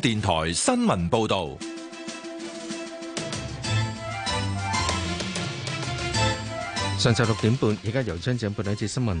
電台新聞報道。上晝六點半，而家由張政報道一節新聞。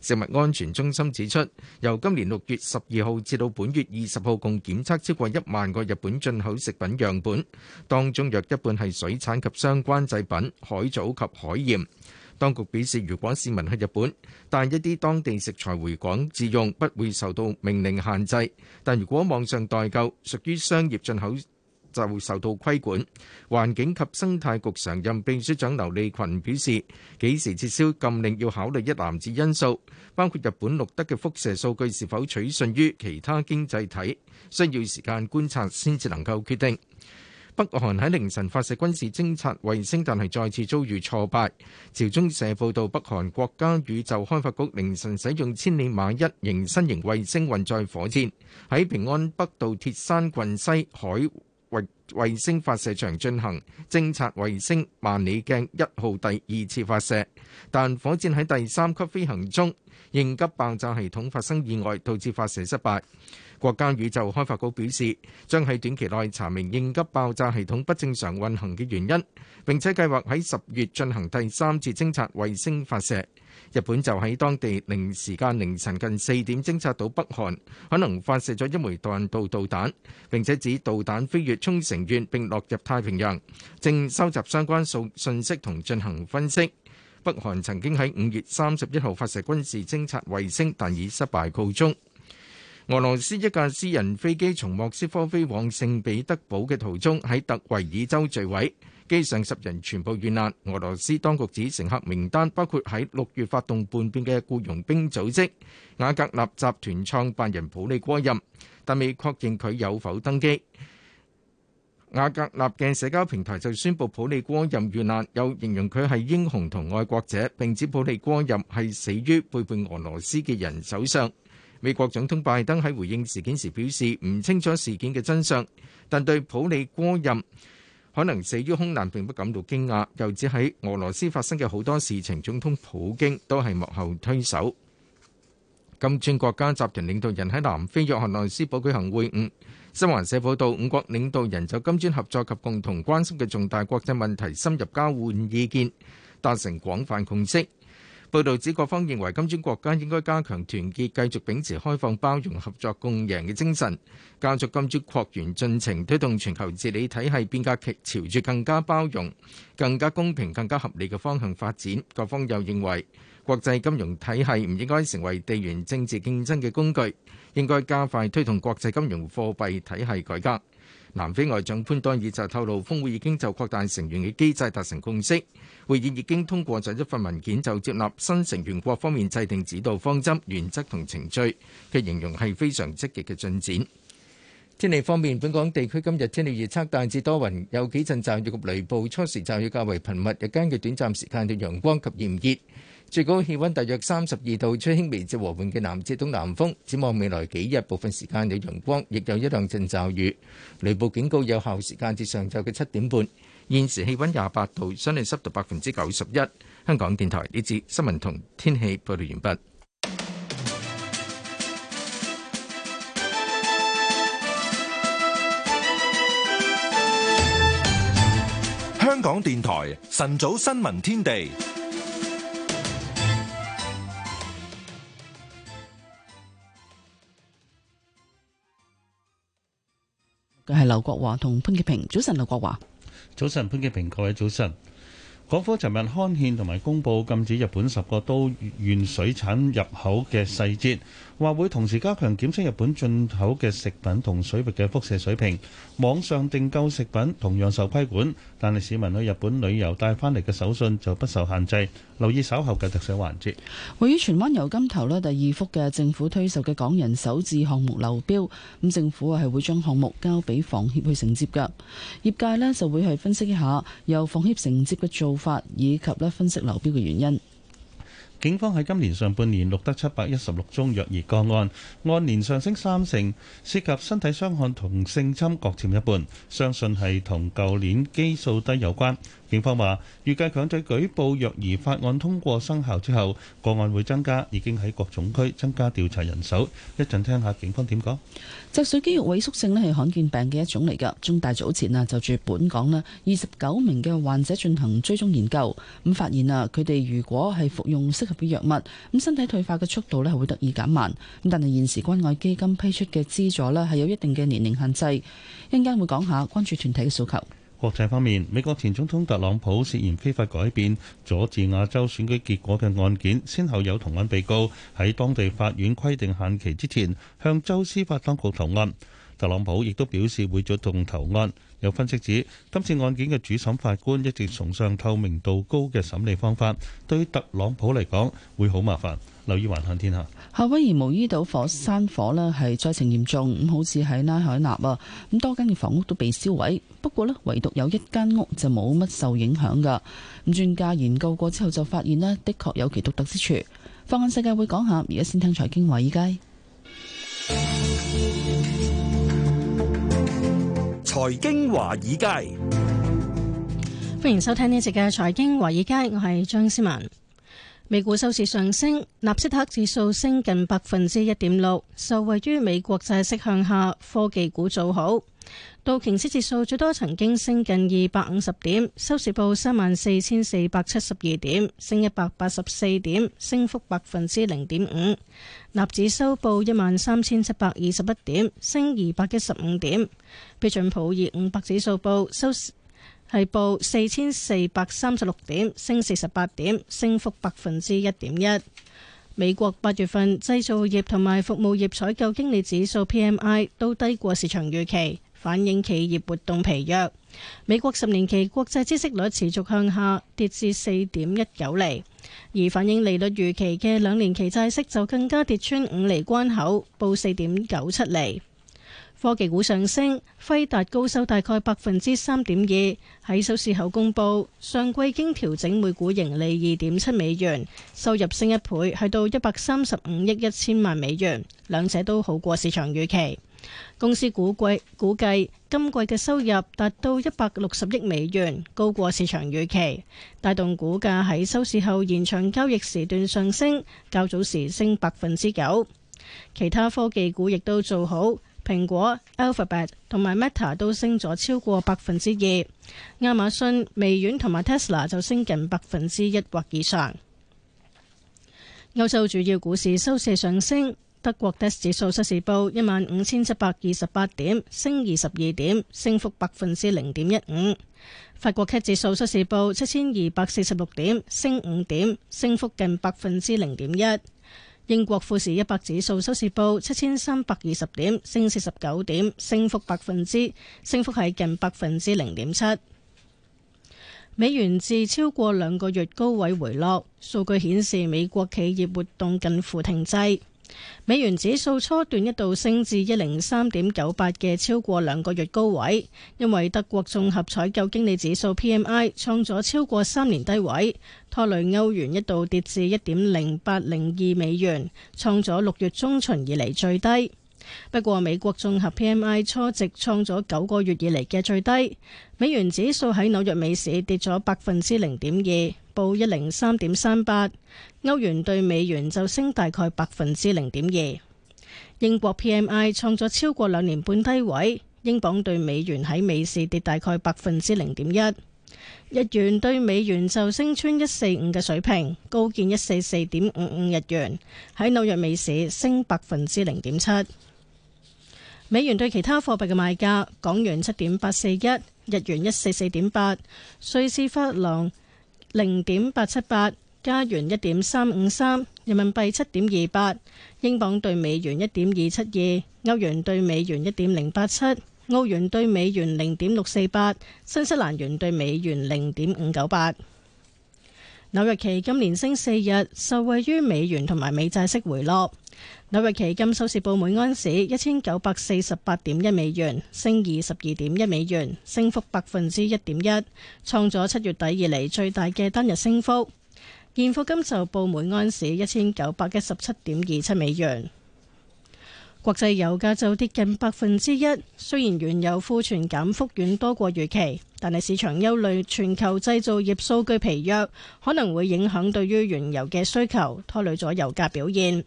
食物安全中心指出，由今年六月十二號至到本月二十號，共檢測超過一萬個日本進口食品樣本，當中約一半係水產及相關製品、海藻及海鹽。當局表示，如果市民去日本帶一啲當地食材回港自用，不會受到命令限制；但如果網上代購屬於商業進口，就會受到規管。環境及生態局常任秘書長劉利群表示，幾時撤銷禁令要考慮一籃子因素，包括日本錄得嘅輻射數據是否取信於其他經濟體，需要時間觀察先至能夠決定。北韓喺凌晨發射軍事偵察衛星，但係再次遭遇挫敗。朝中社報道，北韓國家宇宙開發局凌晨使用千里馬一型新型衛星運載火箭喺平安北道鐵山郡西海。衛星發射場進行偵察衛星萬里鏡一號第二次發射，但火箭喺第三級飛行中，應急爆炸系統發生意外，導致發射失敗。國家宇宙開發局表示，將喺短期內查明應急爆炸系統不正常運行嘅原因，並且計劃喺十月進行第三次偵察衛星發射。日本就喺當地零時間凌晨近四點偵察到北韓可能發射咗一枚彈道導彈，並且指導彈飛越沖繩縣並落入太平洋，正收集相關數訊息同進行分析。北韓曾經喺五月三十一號發射軍事偵察衛星，但以失敗告終。俄羅斯一架私人飛機從莫斯科飛往聖彼得堡嘅途中喺特維爾州墜毀。機上十人全部遇難，俄羅斯當局指乘客名單包括喺六月發動叛變嘅僱傭兵組織瓦格納集團創辦人普利戈任，但未確認佢有否登機。瓦格納嘅社交平台就宣布普利戈任遇難，又形容佢係英雄同愛國者，並指普利戈任係死於背叛俄羅斯嘅人手上。美國總統拜登喺回應事件時表示，唔清楚事件嘅真相，但對普利戈任。可能死於空難並不感到驚訝，又指喺俄羅斯發生嘅好多事情，總統普京都係幕後推手。金磚國家集團領導人喺南非約翰內斯堡舉行會晤，新華社報道，五國領導人就金磚合作及共同關心嘅重大國際問題深入交換意見，達成廣泛共識。報道指各方認為金磚國家應該加強團結，繼續秉持開放、包容、合作、共贏嘅精神，加速金磚擴員進程，推動全球治理體系變革，朝住更加包容、更加公平、更加合理嘅方向發展。各方又認為國際金融體系唔應該成為地緣政治競爭嘅工具，應該加快推動國際金融貨幣體系改革。南非外長潘多爾就透露，峰會已經就擴大成員嘅機制達成共識，會議已經通過咗一份文件，就接納新成員國方面制定指導方針、原則同程序，佢形容係非常積極嘅進展。天氣方面，本港地區今日天氣預測大致多雲，有幾陣驟雨及雷暴，初時驟雨較為頻密，日間嘅短暫時間嘅陽光及炎熱。最高氣溫大約三十二度，吹輕微至和緩嘅南至東南風。展望未來幾日，部分時間有陽光，亦有一兩陣驟雨。雷暴警告有效時間至上晝嘅七點半。現時氣溫廿八度，相對濕度百分之九十一。香港電台呢節新聞同天氣報道完畢。香港電台晨早新聞天地。佢係劉國華同潘潔平，早晨劉國華，早晨潘潔平，各位早晨。港府尋日刊憲同埋公布禁止日本十個都縣水產入口嘅細節。話會同時加強檢測日本進口嘅食品同水域嘅輻射水平，網上訂購食品同樣受規管，但係市民去日本旅遊帶翻嚟嘅手信就不受限制。留意稍後嘅特寫環節。位於荃灣油金頭咧第二幅嘅政府推售嘅港人首置項目流標，咁政府啊係會將項目交俾房協去承接㗎。業界咧就會係分析一下由房協承接嘅做法，以及咧分析流標嘅原因。警方喺今年上半年錄得七百一十六宗虐兒個案，按年上升三成，涉及身體傷害同性侵各占一半，相信係同舊年基數低有關。警方話預計強制舉報虐兒法案通過生效之後，個案會增加，已經喺各總區增加調查人手。一陣聽下警方點講。脊髓肌肉萎縮症呢係罕見病嘅一種嚟㗎。中大早前啊就住本港呢二十九名嘅患者進行追蹤研究，咁發現啊佢哋如果係服用適合嘅藥物，咁身體退化嘅速度呢係會得以減慢。咁但係現時關愛基金批出嘅資助呢係有一定嘅年齡限制。一陣間會講下關注團體嘅訴求。國際方面，美國前總統特朗普涉嫌非法改變佐治亞州選舉結果嘅案件，先後有同案被告喺當地法院規定限期之前向州司法當局投案。特朗普亦都表示會主動投案。有分析指，今次案件嘅主審法官一直崇尚透明度高嘅審理方法，對於特朗普嚟講會好麻煩。留意環漢天下。夏威夷毛伊島火山火呢係災情嚴重，咁好似喺拉海納啊，咁多間嘅房屋都被燒毀。不過呢，唯獨有一間屋就冇乜受影響噶。咁專家研究過之後就發現呢，的確有其獨特之處。放眼世界會講下，而家先聽財經華爾街。財經華爾街，歡迎收聽呢一節嘅財經華爾街，我係張思文。美股收市上升，納斯達指數升近百分之一點六，受惠於美國債息向下，科技股做好。道瓊斯指數最多曾經升近二百五十點，收市報三萬四千四百七十二點，升一百八十四點，升幅百分之零點五。納指收報一萬三千七百二十一點，升二百一十五點。標準普爾五百指數報收。係報四千四百三十六點，升四十八點，升幅百分之一點一。美國八月份製造業同埋服務業採購經理指數 PMI 都低過市場預期，反映企業活動疲弱。美國十年期國際知息率國債孳息率持續向下跌至四點一九厘，而反映利率預期嘅兩年期債息就更加跌穿五厘關口，報四點九七厘。科技股上升，輝達高收大概百分之三點二。喺收市後公布，上季經調整每股盈利二點七美元，收入升一倍，去到一百三十五億一千萬美元，兩者都好過市場預期。公司估計估計今季嘅收入達到一百六十億美元，高過市場預期，帶動股價喺收市後延長交易時段上升，較早時升百分之九。其他科技股亦都做好。蘋果、Alphabet 同埋 Meta 都升咗超過百分之二，亞馬遜、微軟同埋 Tesla 就升近百分之一或以上。歐洲主要股市收市上升，德國 DAX 指數收市報一萬五千七百二十八點，升二十二點，升幅百分之零點一五。法國 CAC 指數收市報七千二百四十六點，升五點，升幅近百分之零點一。英國富時一百指數收市報七千三百二十點，升四十九點，升幅百分之，升幅係近百分之零點七。美元至超過兩個月高位回落，數據顯示美國企業活動近乎停滯。美元指數初段一度升至一零三點九八嘅，超過兩個月高位，因為德國綜合採購經理指數 PMI 創咗超過三年低位，拖累歐元一度跌至一點零八零二美元，創咗六月中旬以嚟最低。不過美國綜合 PMI 初值創咗九個月以嚟嘅最低，美元指數喺紐約美市跌咗百分之零點二。報一零三點三八，歐元對美元就升大概百分之零點二。英國 PMI 創咗超過兩年半低位，英鎊對美元喺美市跌大概百分之零點一。日元對美元就升穿一四五嘅水平，高見一四四點五五日元喺紐約美市升百分之零點七。美元對其他貨幣嘅賣價，港元七點八四一，日元一四四點八，瑞士法郎。零點八七八加元，一點三五三人民幣，七點二八英鎊兌美元，一點二七二歐元兌美元，一點零八七澳元兌美元零點六四八新西蘭元兌美元零點五九八。紐約期今年升四日，受惠於美元同埋美債息回落。紐約期金收市報每盎司一千九百四十八點一美元，升二十二點一美元，升幅百分之一點一，創咗七月底以嚟最大嘅單日升幅。現貨金就報每盎司一千九百一十七點二七美元。國際油價就跌近百分之一，雖然原油庫存減幅遠多過預期，但係市場憂慮全球製造業數據疲弱，可能會影響對於原油嘅需求，拖累咗油價表現。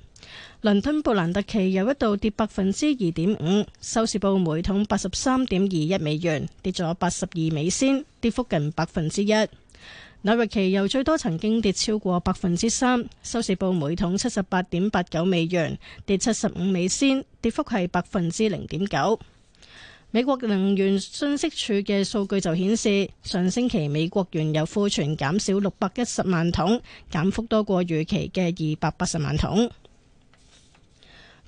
倫敦布蘭特期油一度跌百分之二點五，收市報每桶八十三點二一美元，跌咗八十二美仙，跌幅近百分之一。紐約期油最多曾經跌超過百分之三，收市報每桶七十八點八九美元，跌七十五美仙，跌幅係百分之零點九。美國能源信息署嘅數據就顯示，上星期美國原油庫存減少六百一十萬桶，減幅多過預期嘅二百八十萬桶。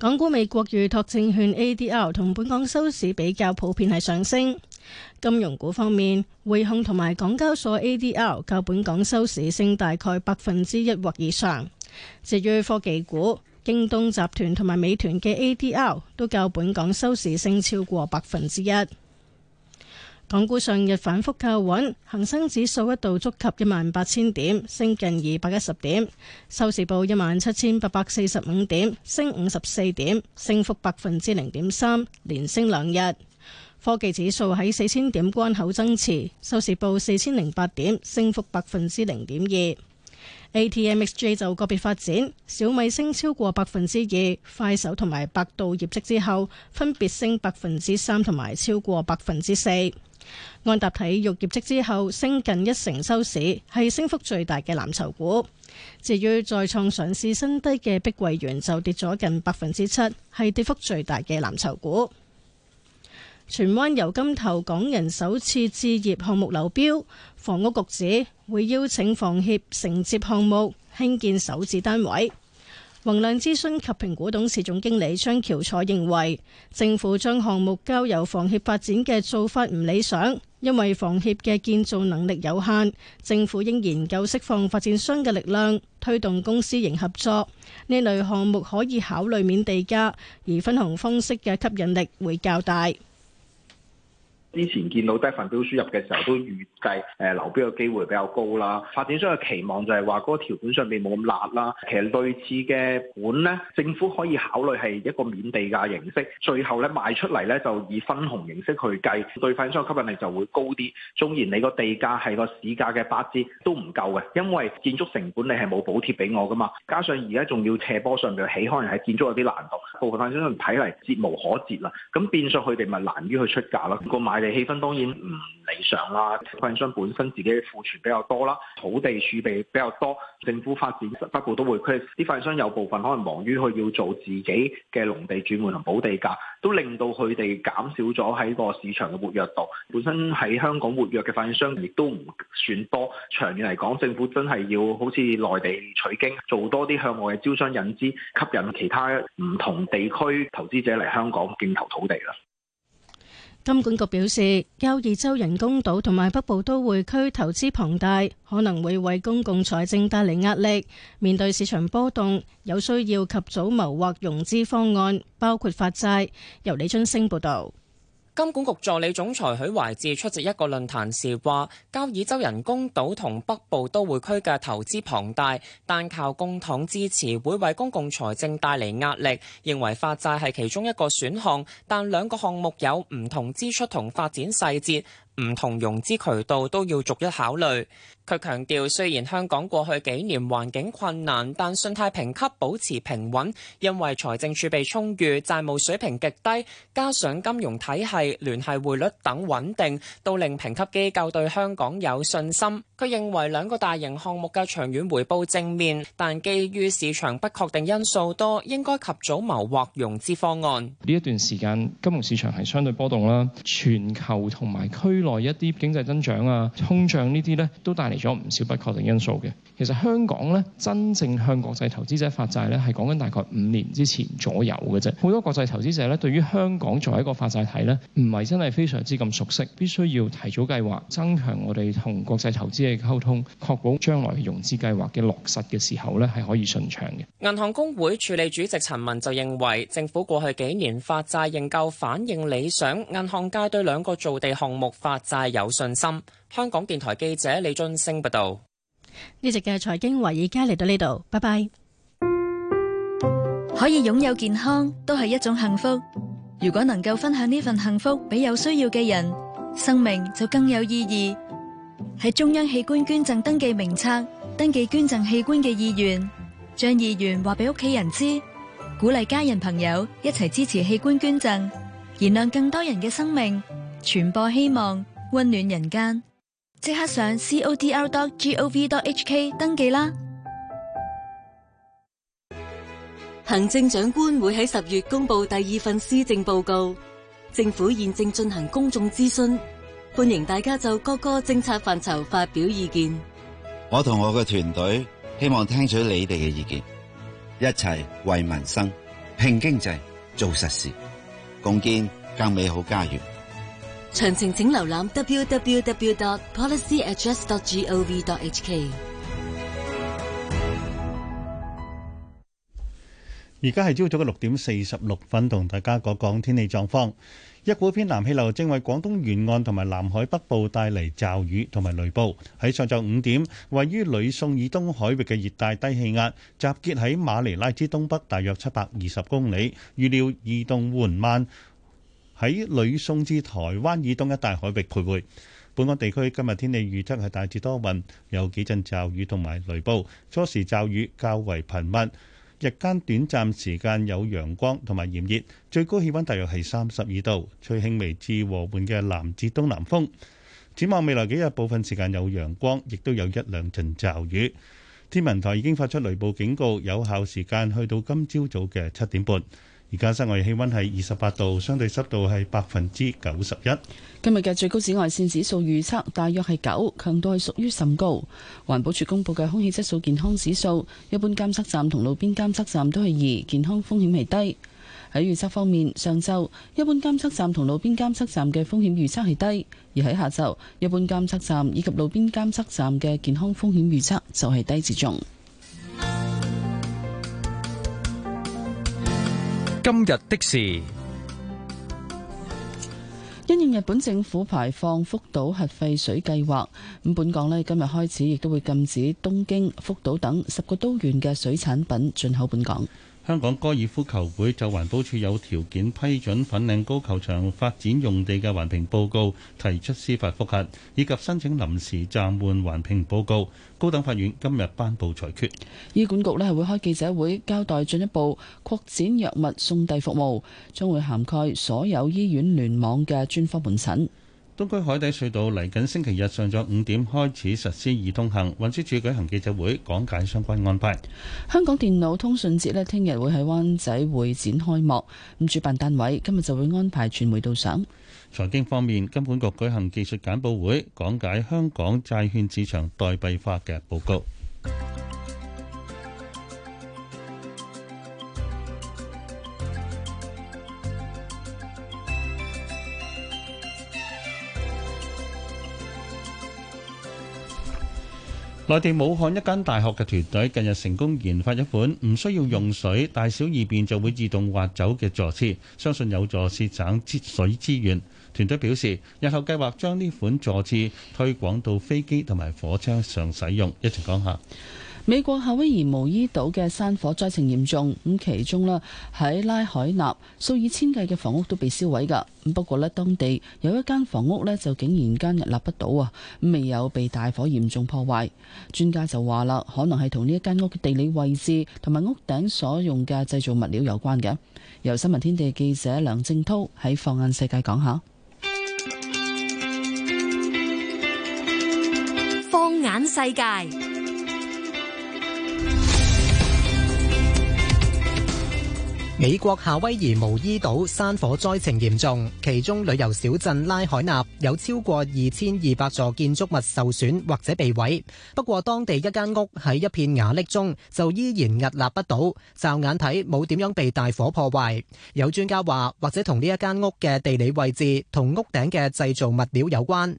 港股、美國預託證券 A D L 同本港收市比較普遍係上升。金融股方面，匯控同埋港交所 A D L 較本港收市升大概百分之一或以上。至於科技股，京東集團同埋美團嘅 A D L 都較本港收市升超過百分之一。港股上日反覆靠穩，恒生指數一度觸及一萬八千點，升近二百一十點，收市報一萬七千八百四十五點，升五十四點，升幅百分之零點三，連升兩日。科技指數喺四千點關口增持，收市報四千零八點，升幅百分之零點二。A T M X J 就個別發展，小米升超過百分之二，快手同埋百度業績之後分別升百分之三同埋超過百分之四。安踏體育業績之後升近一成收市，係升幅最大嘅藍籌股。至於再創上市新低嘅碧桂園就跌咗近百分之七，係跌幅最大嘅藍籌股。荃灣油金頭港人首次置業項目流標，房屋局指會邀請房協承接項目興建首置單位。宏亮諮詢及評估董事總經理張喬楚認為政府將項目交由房協發展嘅做法唔理想因為房協嘅建造能力有限政府應研究釋放發展商嘅力量推動公私營合作呢類項目可以考慮免地價而分紅方式嘅吸引力會較大之前見到第一份標書入嘅時候，都預計誒、呃、流標嘅機會比較高啦。發展商嘅期望就係話，嗰、個條款上面冇咁辣啦。其實類似嘅本咧，政府可以考慮係一個免地價形式，最後咧賣出嚟咧就以分紅形式去計，對發展商嘅吸引力就會高啲。縱然你個地價係個市價嘅八折都唔夠嘅，因為建築成本你係冇補貼俾我噶嘛。加上而家仲要斜坡上面起，可能係建築有啲難度。部分發展商睇嚟節無可節啦，咁變相佢哋咪難於去出價咯。個買嘅氣氛當然唔理想啦。發展商本身自己嘅庫存比較多啦，土地儲備比較多，政府發展北部都會區啲發展商有部分可能忙於佢要做自己嘅農地轉換同補地價，都令到佢哋減少咗喺個市場嘅活躍度。本身喺香港活躍嘅發展商亦都唔算多。長遠嚟講，政府真係要好似內地取經，做多啲向外嘅招商引資，吸引其他唔同地區投資者嚟香港競投土地啦。金管局表示，交椅洲人工島同埋北部都會區投資龐大，可能會為公共財政帶嚟壓力。面對市場波動，有需要及早謀劃融資方案，包括發債。由李春升報道。金管局助理總裁許懷志出席一個論壇時話，交椅洲人工島同北部都會區嘅投資龐大，但靠公帑支持會為公共財政帶嚟壓力，認為發債係其中一個選項，但兩個項目有唔同支出同發展細節。唔同融資渠道都要逐一考慮。佢強調，雖然香港過去幾年環境困難，但信貸評級保持平穩，因為財政儲備充裕、債務水平極低，加上金融體系、聯繫匯率等穩定，都令評級機構對香港有信心。佢認為兩個大型項目嘅長遠回報正面，但基於市場不確定因素多，應該及早謀劃融資方案。呢一段時間金融市場係相對波動啦，全球同埋區來一啲經濟增長啊、通脹呢啲咧，都帶嚟咗唔少不確定因素嘅。其實香港咧，真正向國際投資者發債咧，係講緊大概五年之前左右嘅啫。好多國際投資者咧，對於香港作為一個發債體咧，唔係真係非常之咁熟悉，必須要提早計劃，增強我哋同國際投資嘅溝通，確保將來融資計劃嘅落實嘅時候咧，係可以順暢嘅。銀行公會處理主席陳文就認為，政府過去幾年發債仍舊反映理想，銀行界對兩個造地項目發發債有信心。香港電台記者李俊升報道。呢集嘅財經華爾街嚟到呢度，拜拜。可以擁有健康都係一種幸福。如果能夠分享呢份幸福俾有需要嘅人，生命就更有意義。喺中央器官捐贈登記名冊登記捐贈器官嘅意願，將意願話俾屋企人知，鼓勵家人朋友一齊支持器官捐贈，燃亮更多人嘅生命。傳播希望，溫暖人間。即刻上 codr.gov.hk 登記啦！行政長官會喺十月公布第二份施政報告，政府現正進行公眾諮詢，歡迎大家就各個政策範疇發表意見。我同我嘅團隊希望聽取你哋嘅意見，一齊為民生、拼經濟、做實事，共建更美好家園。詳情請瀏覽 www.policyaddress.gov.hk。而家係朝早嘅六點四十六分，同大家講講天氣狀況。一股偏南氣流正為廣東沿岸同埋南海北部帶嚟驟雨同埋雷暴。喺上晝五點，位於呂宋以東海域嘅熱帶低氣壓集結喺馬尼拉之東北大約七百二十公里，預料移動緩慢。喺呂宋至台灣以東一帶海域徘徊。本港地區今日天氣預測係大致多雲，有幾陣驟雨同埋雷暴，初時驟雨較為頻密，日間短暫時間有陽光同埋炎熱，最高氣溫大約係三十二度。吹輕微至和緩嘅南至東南風，展望未來幾日，部分時間有陽光，亦都有一兩陣驟雨。天文台已經發出雷暴警告，有效時間去到今朝早嘅七點半。而家室外氣溫係二十八度，相對濕度係百分之九十一。今日嘅最高紫外線指數預測大約係九，強度係屬於甚高。環保署公布嘅空氣質素健康指數，一般監測站同路邊監測站都係二，健康風險係低。喺預測方面，上晝一般監測站同路邊監測站嘅風險預測係低，而喺下晝一般監測站以及路邊監測站嘅健康風險預測就係低至中。今日的事，因應日本政府排放福島核廢水計劃，咁本港呢今日開始亦都會禁止東京、福島等十個都縣嘅水產品進口本港。香港高爾夫球會就環保署有條件批准粉嶺高球場發展用地嘅環評報告提出司法覆核，以及申請臨時暫緩環評報告。高等法院今日頒布裁決。醫管局呢係會開記者會交代進一步擴展藥物送遞服務，將會涵蓋所有醫院聯網嘅專科門診。東區海底隧道嚟緊星期日上晝五點開始實施易通行。運輸署舉行記者會講解相關安排。香港電腦通訊節呢，聽日會喺灣仔會展開幕，咁主辦單位今日就會安排傳媒到場。財經方面，金管局舉行技術簡報會，講解香港債券市場代幣化嘅報告。內地武漢一間大學嘅團隊近日成功研發一款唔需要用水、大小二便就會自動滑走嘅坐廁，相信有助節省節水資源。團隊表示，日後計劃將呢款坐廁推廣到飛機同埋火車上使用。一齊講下。美國夏威夷毛伊島嘅山火災情嚴重，咁其中咧喺拉海納數以千計嘅房屋都被燒毀噶。咁不過咧，當地有一間房屋咧就竟然間屹立不倒啊，咁未有被大火嚴重破壞。專家就話啦，可能係同呢一間屋嘅地理位置同埋屋頂所用嘅製造物料有關嘅。由新聞天地記者梁正濤喺放眼世界講下。放眼世界。美國夏威夷毛伊島山火災情嚴重，其中旅遊小鎮拉海納有超過二千二百座建築物受損或者被毀。不過當地一間屋喺一片瓦礫中就依然屹立不倒，驟眼睇冇點樣被大火破壞。有專家話，或者同呢一間屋嘅地理位置同屋頂嘅製造物料有關。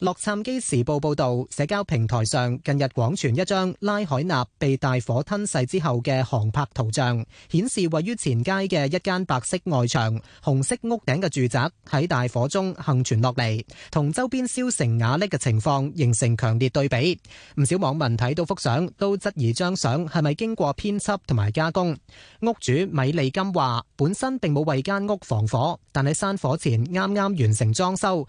《洛杉磯時報》報道，社交平台上近日廣傳一張拉海納被大火吞噬之後嘅航拍圖像，顯示位於前街嘅一間白色外牆、紅色屋頂嘅住宅喺大火中幸存落嚟，同周邊燒成瓦礫嘅情況形成強烈對比。唔少網民睇到幅相都質疑，張相係咪經過編輯同埋加工？屋主米利金話，本身並冇為間屋防火，但喺山火前啱啱完成裝修。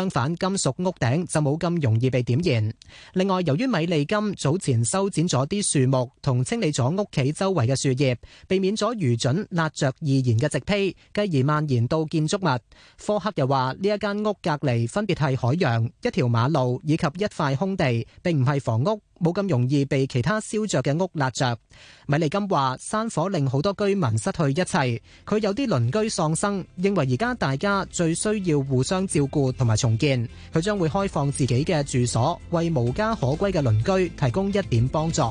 相反，金屬屋頂就冇咁容易被點燃。另外，由於米利金早前修剪咗啲樹木，同清理咗屋企周圍嘅樹葉，避免咗餘燼燃著易燃嘅植被，繼而蔓延到建築物。科克又話：呢一間屋隔離分別係海洋、一條馬路以及一塊空地，並唔係房屋。冇咁容易被其他燒着嘅屋辣着。米利金話：山火令好多居民失去一切，佢有啲鄰居喪生，認為而家大家最需要互相照顧同埋重建。佢將會開放自己嘅住所，為無家可歸嘅鄰居提供一點幫助。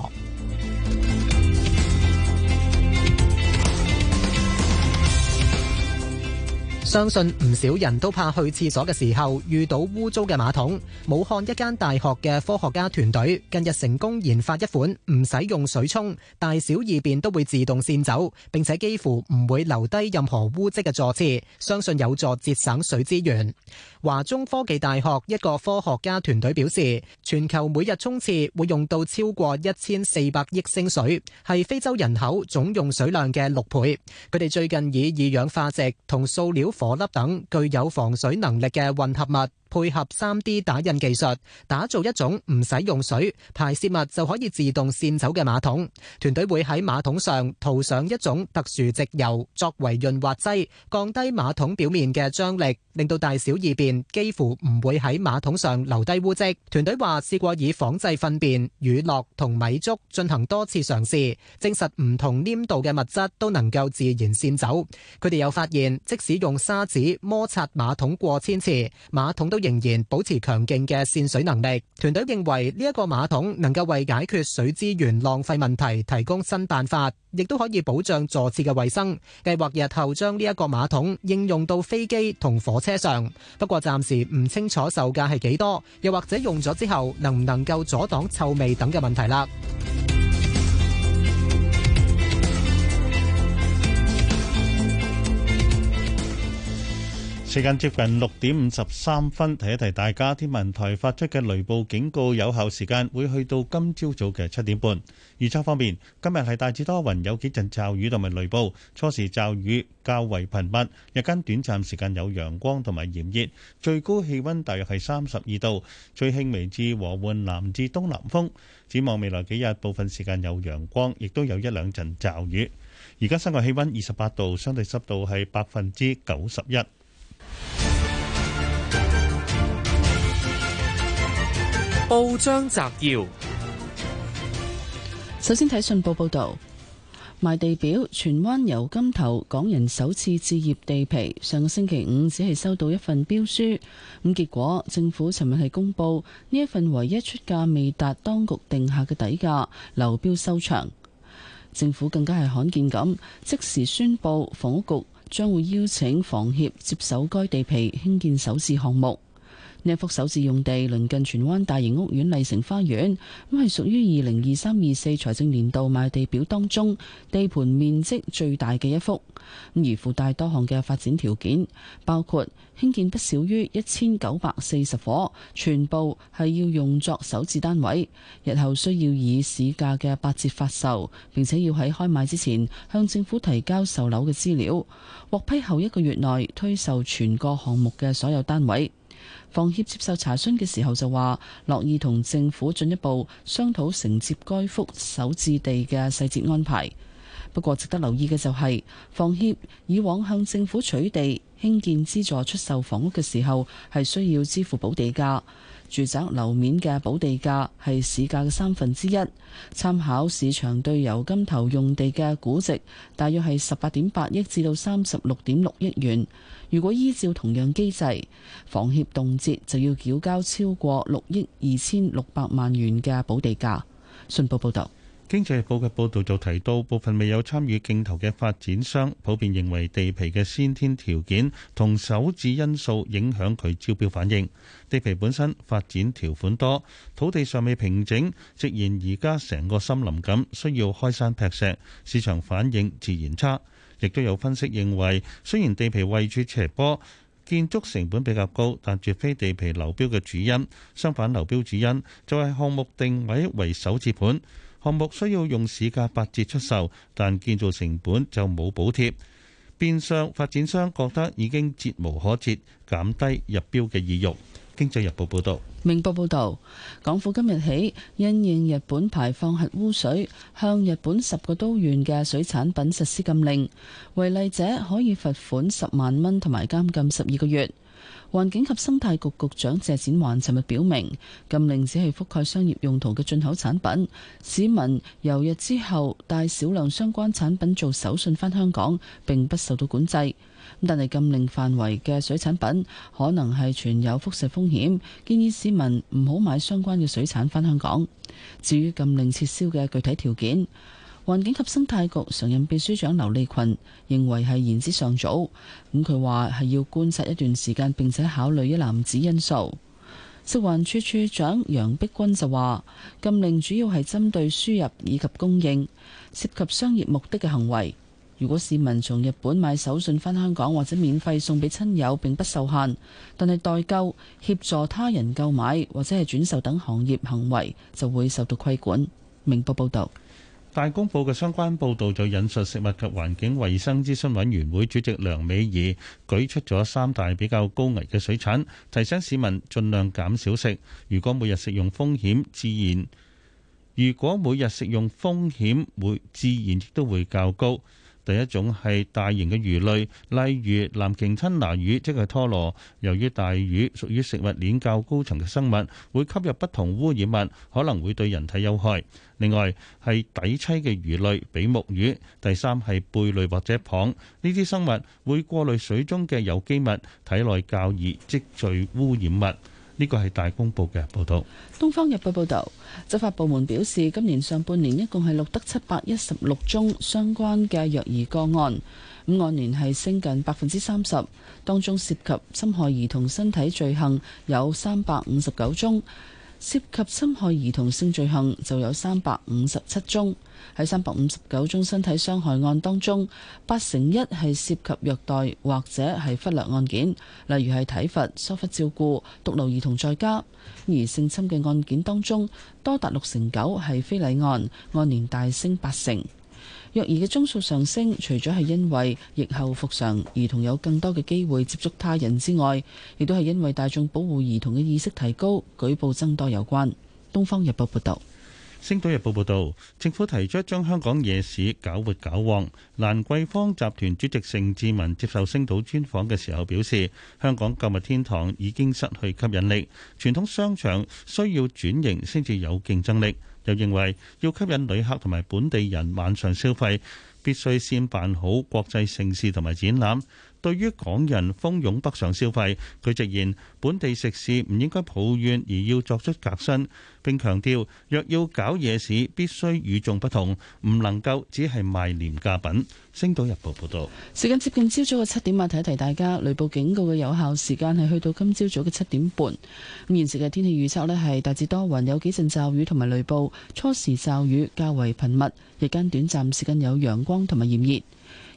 相信唔少人都怕去廁所嘅時候遇到污糟嘅馬桶。武漢一間大學嘅科學家團隊近日成功研發一款唔使用水沖、大小二便都會自動濺走，並且幾乎唔會留低任何污漬嘅坐廁，相信有助節省水資源。華中科技大學一個科學家團隊表示，全球每日沖廁會用到超過一千四百億升水，係非洲人口總用水量嘅六倍。佢哋最近以二氧化石同塑料，火粒等具有防水能力嘅混合物。配合 3D 打印技術，打造一種唔使用水，排泄物就可以自動綫走嘅馬桶。團隊會喺馬桶上塗上一種特殊植油作為潤滑劑，降低馬桶表面嘅張力，令到大小二便幾乎唔會喺馬桶上留低污跡。團隊話試過以仿製糞便、乳酪同米粥進行多次嘗試，證實唔同黏度嘅物質都能夠自然綫走。佢哋又發現，即使用砂紙摩擦馬桶過千次，馬桶都仍然保持強勁嘅滲水能力，團隊認為呢一個馬桶能夠為解決水資源浪費問題提供新辦法，亦都可以保障坐廁嘅衛生。計劃日後將呢一個馬桶應用到飛機同火車上，不過暫時唔清楚售價係幾多，又或者用咗之後能唔能夠阻擋臭味等嘅問題啦。時間接近六點五十三分，提一提大家，天文台發出嘅雷暴警告有效時間會去到今朝早嘅七點半。預測方面，今日係大致多雲，有幾陣驟雨同埋雷暴，初時驟雨較為頻密，日間短暫時間有陽光同埋炎熱，最高氣温大約係三十二度，吹輕微至和緩南至東南風。展望未來幾日，部分時間有陽光，亦都有一兩陣驟雨。而家室外氣温二十八度，相對濕度係百分之九十一。報章摘要：首先睇信報報道賣地表，荃灣油金頭港人首次置業地皮，上個星期五只係收到一份標書，咁結果政府尋日係公布呢一份唯一出價未達當局定下嘅底價，流標收場。政府更加係罕見咁即時宣布房屋局將會邀請房協接手該地皮興建首置項目。呢一幅首置用地鄰近荃灣大型屋苑麗城花園，咁係屬於二零二三二四財政年度賣地表當中地盤面積最大嘅一幅，而附帶多項嘅發展條件，包括興建不少於一千九百四十伙，全部係要用作首置單位，日後需要以市價嘅八折發售，並且要喺開賣之前向政府提交售樓嘅資料，獲批後一個月內推售全個項目嘅所有單位。房協接受查詢嘅時候就話，樂意同政府進一步商討承接該幅首置地嘅細節安排。不過，值得留意嘅就係，房協以往向政府取地興建資助出售房屋嘅時候，係需要支付補地價。住宅樓面嘅補地價係市價嘅三分之一，參考市場對油金頭用地嘅估值，大約係十八點八億至到三十六點六億元。如果依照同樣機制，房協動輒就要繳交超過六億二千六百萬元嘅補地價。信報報道。經濟日報嘅報導就提到，部分未有參與競投嘅發展商普遍認為地皮嘅先天條件同首置因素影響佢招標反應。地皮本身發展條款多，土地尚未平整，直言而家成個森林咁，需要開山劈石，市場反應自然差。亦都有分析認為，雖然地皮位處斜坡，建築成本比較高，但絕非地皮流標嘅主因。相反，流標主因就係、是、項目定位為首置盤。項目需要用市價八折出售，但建造成本就冇補貼。變相發展商覺得已經折無可折，減低入標嘅意欲。經濟日報報道。明報報道，港府今日起因應日本排放核污水，向日本十個都縣嘅水產品實施禁令，違例者可以罰款十萬蚊同埋監禁十二個月。環境及生態局局長謝展寰尋日表明，禁令只係覆蓋商業用途嘅進口產品，市民由日之後帶少量相關產品做手信返香港，並不受到管制。但係禁令範圍嘅水產品可能係存有輻射風險，建議市民唔好買相關嘅水產返香港。至於禁令撤銷嘅具體條件，環境及生態局常任秘書長劉利群認為係言之尚早，咁佢話係要觀察一段時間，並且考慮一籃子因素。食環署署長楊碧君就話禁令主要係針對輸入以及供應涉及商業目的嘅行為。如果市民從日本買手信返香港或者免費送俾親友，並不受限，但係代購、協助他人購買或者係轉售等行業行為就會受到規管。明報報道。大公報嘅相關報導就引述食物及環境衞生諮詢委員會主席梁美儀，舉出咗三大比較高危嘅水產，提醒市民盡量減少食。如果每日食用風險自然，如果每日食用風險會自然亦都會較高。第一種係大型嘅魚類，例如藍鰭吞拿魚，即係拖羅。由於大魚屬於食物鏈較高層嘅生物，會吸入不同污染物，可能會對人體有害。另外係底棲嘅魚類，比目魚。第三係貝類或者蚌，呢啲生物會過濾水中嘅有機物，體內較易積聚污染物。呢個係大公報嘅報道。《東方日報》報道，執法部門表示，今年上半年一共係錄得七百一十六宗相關嘅虐兒個案，咁按年係升近百分之三十。當中涉及侵害兒童身體罪行有三百五十九宗，涉及侵害兒童性罪行就有三百五十七宗。喺三百五十九宗身體傷害案當中，八成一係涉及虐待或者係忽略案件，例如係體罰、疏忽照顧、獨留兒童在家。而性侵嘅案件當中，多達六成九係非禮案，按年大升八成。虐兒嘅宗數上升，除咗係因為疫後復常，兒童有更多嘅機會接觸他人之外，亦都係因為大眾保護兒童嘅意識提高、舉報增多有關。《東方日報》報導。星島日報報道，政府提出將香港夜市搞活搞旺。蘭桂坊集團主席盛智文接受星島專訪嘅時候表示，香港購物天堂已經失去吸引力，傳統商場需要轉型先至有競爭力。又認為要吸引旅客同埋本地人晚上消費，必須先辦好國際盛事同埋展覽。對於港人蜂擁北上消費，佢直言本地食肆唔應該抱怨，而要作出革新。並強調，若要搞夜市，必須與眾不同，唔能夠只係賣廉價品。《星島日報》報道：「時間接近朝早嘅七點啊，提提大家，雷暴警告嘅有效時間係去到今朝早嘅七點半。咁現時嘅天氣預測呢係大致多雲，有幾陣驟雨同埋雷暴，初時驟雨較為頻密，日間短暫時間有陽光同埋炎熱。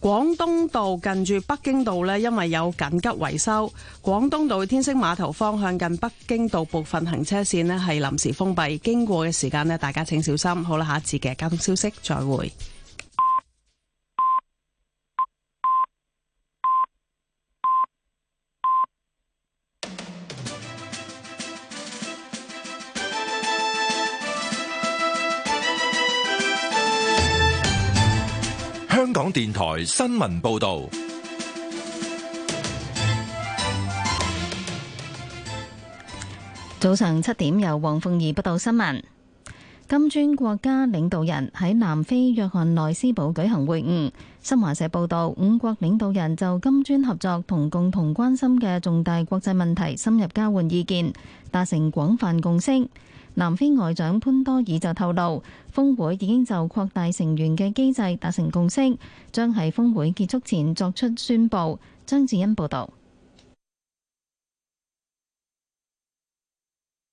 廣東道近住北京道呢，因為有緊急維修，廣東道天星碼頭方向近北京道部分行車線呢係臨時封閉，經過嘅時間呢，大家請小心。好啦，下次嘅交通消息再會。香港電台新聞報道：早上七點，由黃鳳儀報道新聞。金磚國家領導人喺南非約翰內斯堡舉行會晤。新華社報道，五國領導人就金磚合作同共同關心嘅重大國際問題深入交換意見，達成廣泛共識。南非外長潘多爾就透露，峰會已經就擴大成員嘅機制達成共識，將喺峰會結束前作出宣布，張智恩報道。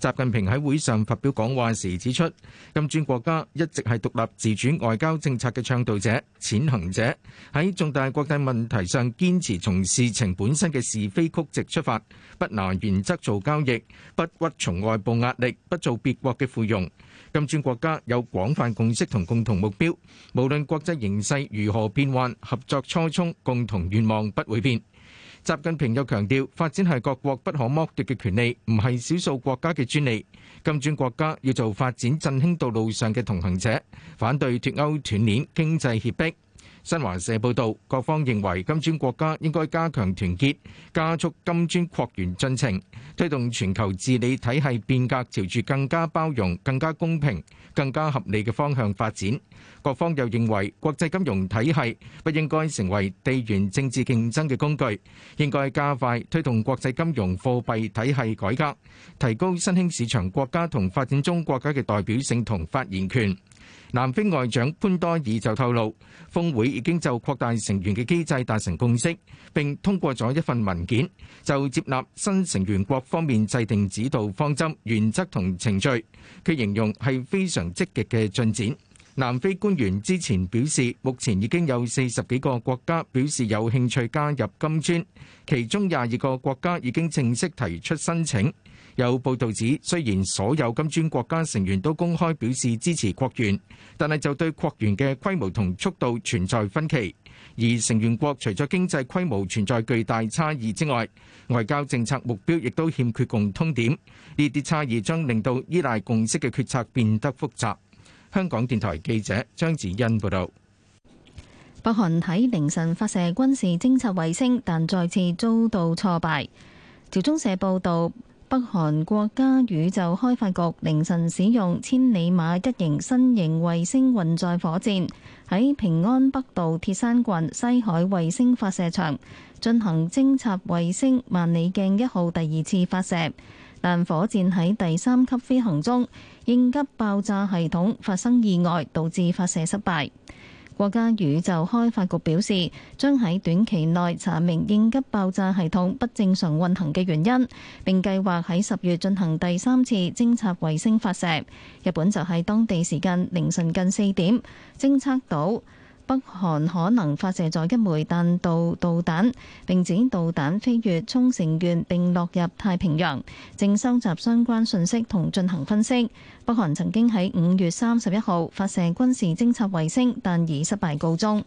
習近平喺會上發表講話時指出，金磚國家一直係獨立自主外交政策嘅倡導者、踐行者，喺重大國際問題上堅持從事情本身嘅是非曲直出發，不拿原則做交易，不屈從外部壓力，不做別國嘅附庸。金磚國家有廣泛共識同共同目標，無論國際形勢如何變幻，合作初衷、共同願望不會變。習近平又強調，發展係各國不可剝奪嘅權利，唔係少數國家嘅專利。金磚國家要做發展振興道路上嘅同行者，反對脱歐斷鏈、經濟脅迫。新華社報導，各方認為金磚國家應該加強團結，加速金磚擴員進程，推動全球治理體系變革，朝住更加包容、更加公平，更加合理嘅方向發展，各方又認為國際金融體系不應該成為地緣政治競爭嘅工具，應該加快推動國際金融貨幣體系改革，提高新興市場國家同發展中國家嘅代表性同發言權。南非外長潘多爾就透露，峰會已經就擴大成員嘅機制達成共識，並通過咗一份文件，就接納新成員國方面制定指導方針、原則同程序。佢形容係非常積極嘅進展。南非官員之前表示，目前已經有四十幾個國家表示有興趣加入金磚，其中廿二個國家已經正式提出申請。有報道指，雖然所有金磚國家成員都公開表示支持擴員，但係就對擴員嘅規模同速度存在分歧。而成員國除咗經濟規模存在巨大差異之外，外交政策目標亦都欠缺共通點。呢啲差異將令到依賴共識嘅決策變得複雜。香港電台記者張子欣報道，北韓喺凌晨發射軍事偵察衛星，但再次遭到挫敗。朝中社報道。北韓國家宇宙開發局凌晨使用千里馬一型新型衛星運載火箭，喺平安北道鐵山郡西海衛星發射場進行偵察衛星萬里鏡一號第二次發射，但火箭喺第三級飛行中應急爆炸系統發生意外，導致發射失敗。國家宇宙開發局表示，將喺短期內查明應急爆炸系統不正常運行嘅原因，並計劃喺十月進行第三次偵察衛星發射。日本就係當地時間凌晨近四點偵測到。北韓可能發射咗一枚彈道導彈，並指導彈飛越沖繩縣並落入太平洋，正收集相關信息同進行分析。北韓曾經喺五月三十一號發射軍事偵察衛星，但以失敗告終。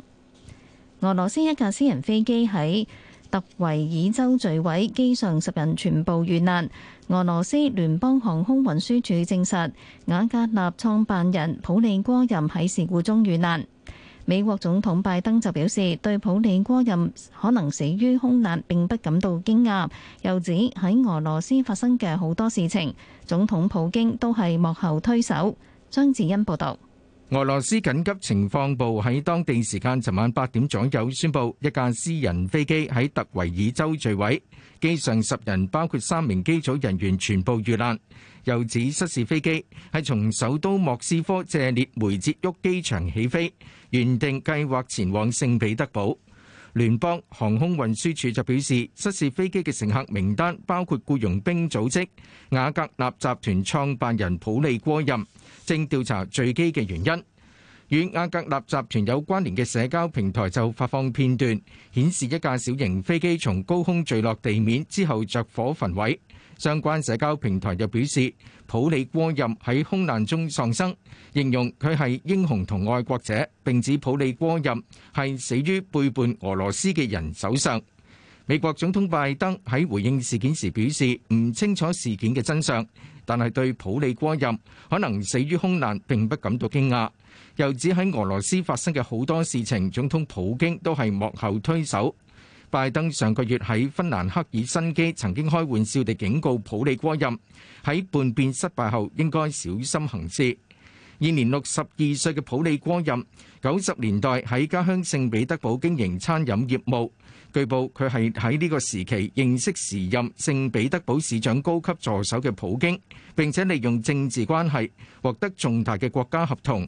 俄羅斯一架私人飛機喺特維爾州墜毀，機上十人全部遇難。俄羅斯聯邦航空運輸署證實，瓦格納創辦人普利戈任喺事故中遇難。美國總統拜登就表示，對普里戈任可能死於空難並不感到驚訝，又指喺俄羅斯發生嘅好多事情，總統普京都係幕後推手。張智恩報道。俄羅斯緊急情況部喺當地時間尋晚八點左右宣布，一架私人飛機喺特維爾州墜毀，機上十人，包括三名機組人員，全部遇難。又指失事飛機係從首都莫斯科謝列梅捷沃機場起飛，原定計劃前往聖彼得堡。聯邦航空運輸署就表示，失事飛機嘅乘客名單包括僱傭兵組織瓦格納集團創辦人普里戈任，正調查墜機嘅原因。與瓦格納集團有關聯嘅社交平台就發放片段，顯示一架小型飛機從高空墜落地面之後著火焚毀。相關社交平台又表示，普里戈任喺空難中喪生，形容佢係英雄同愛國者，並指普里戈任係死於背叛俄羅斯嘅人手上。美國總統拜登喺回應事件時表示，唔清楚事件嘅真相，但係對普里戈任可能死於空難並不感到驚訝，又指喺俄羅斯發生嘅好多事情，總統普京都係幕後推手。拜登上個月喺芬蘭赫爾辛基曾經開玩笑地警告普里戈任喺叛變失敗後應該小心行事。現年六十二歲嘅普里戈任九十年代喺家鄉聖彼得堡經營餐飲業務，據報佢係喺呢個時期認識時任聖彼得堡市長高級助手嘅普京，並且利用政治關係獲得重大嘅國家合同。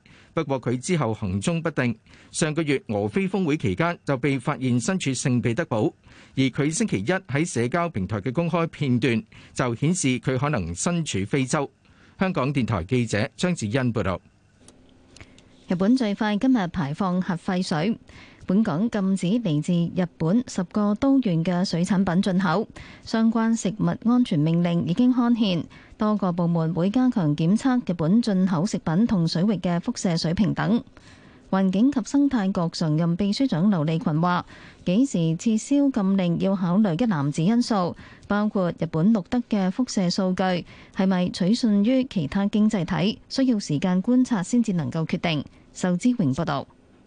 不過佢之後行蹤不定，上個月俄非峰會期間就被發現身處聖彼得堡，而佢星期一喺社交平台嘅公開片段就顯示佢可能身處非洲。香港電台記者張子欣報道。日本最快今日排放核廢水，本港禁止嚟自日本十個都縣嘅水產品進口，相關食物安全命令已經刊憲。多個部門會加強檢測日本進口食品同水域嘅輻射水平等。環境及生態局常任秘書長劉利群話：幾時撤銷禁令要考慮一攬子因素，包括日本錄得嘅輻射數據係咪取信於其他經濟體，需要時間觀察先至能夠決定。仇志榮報導。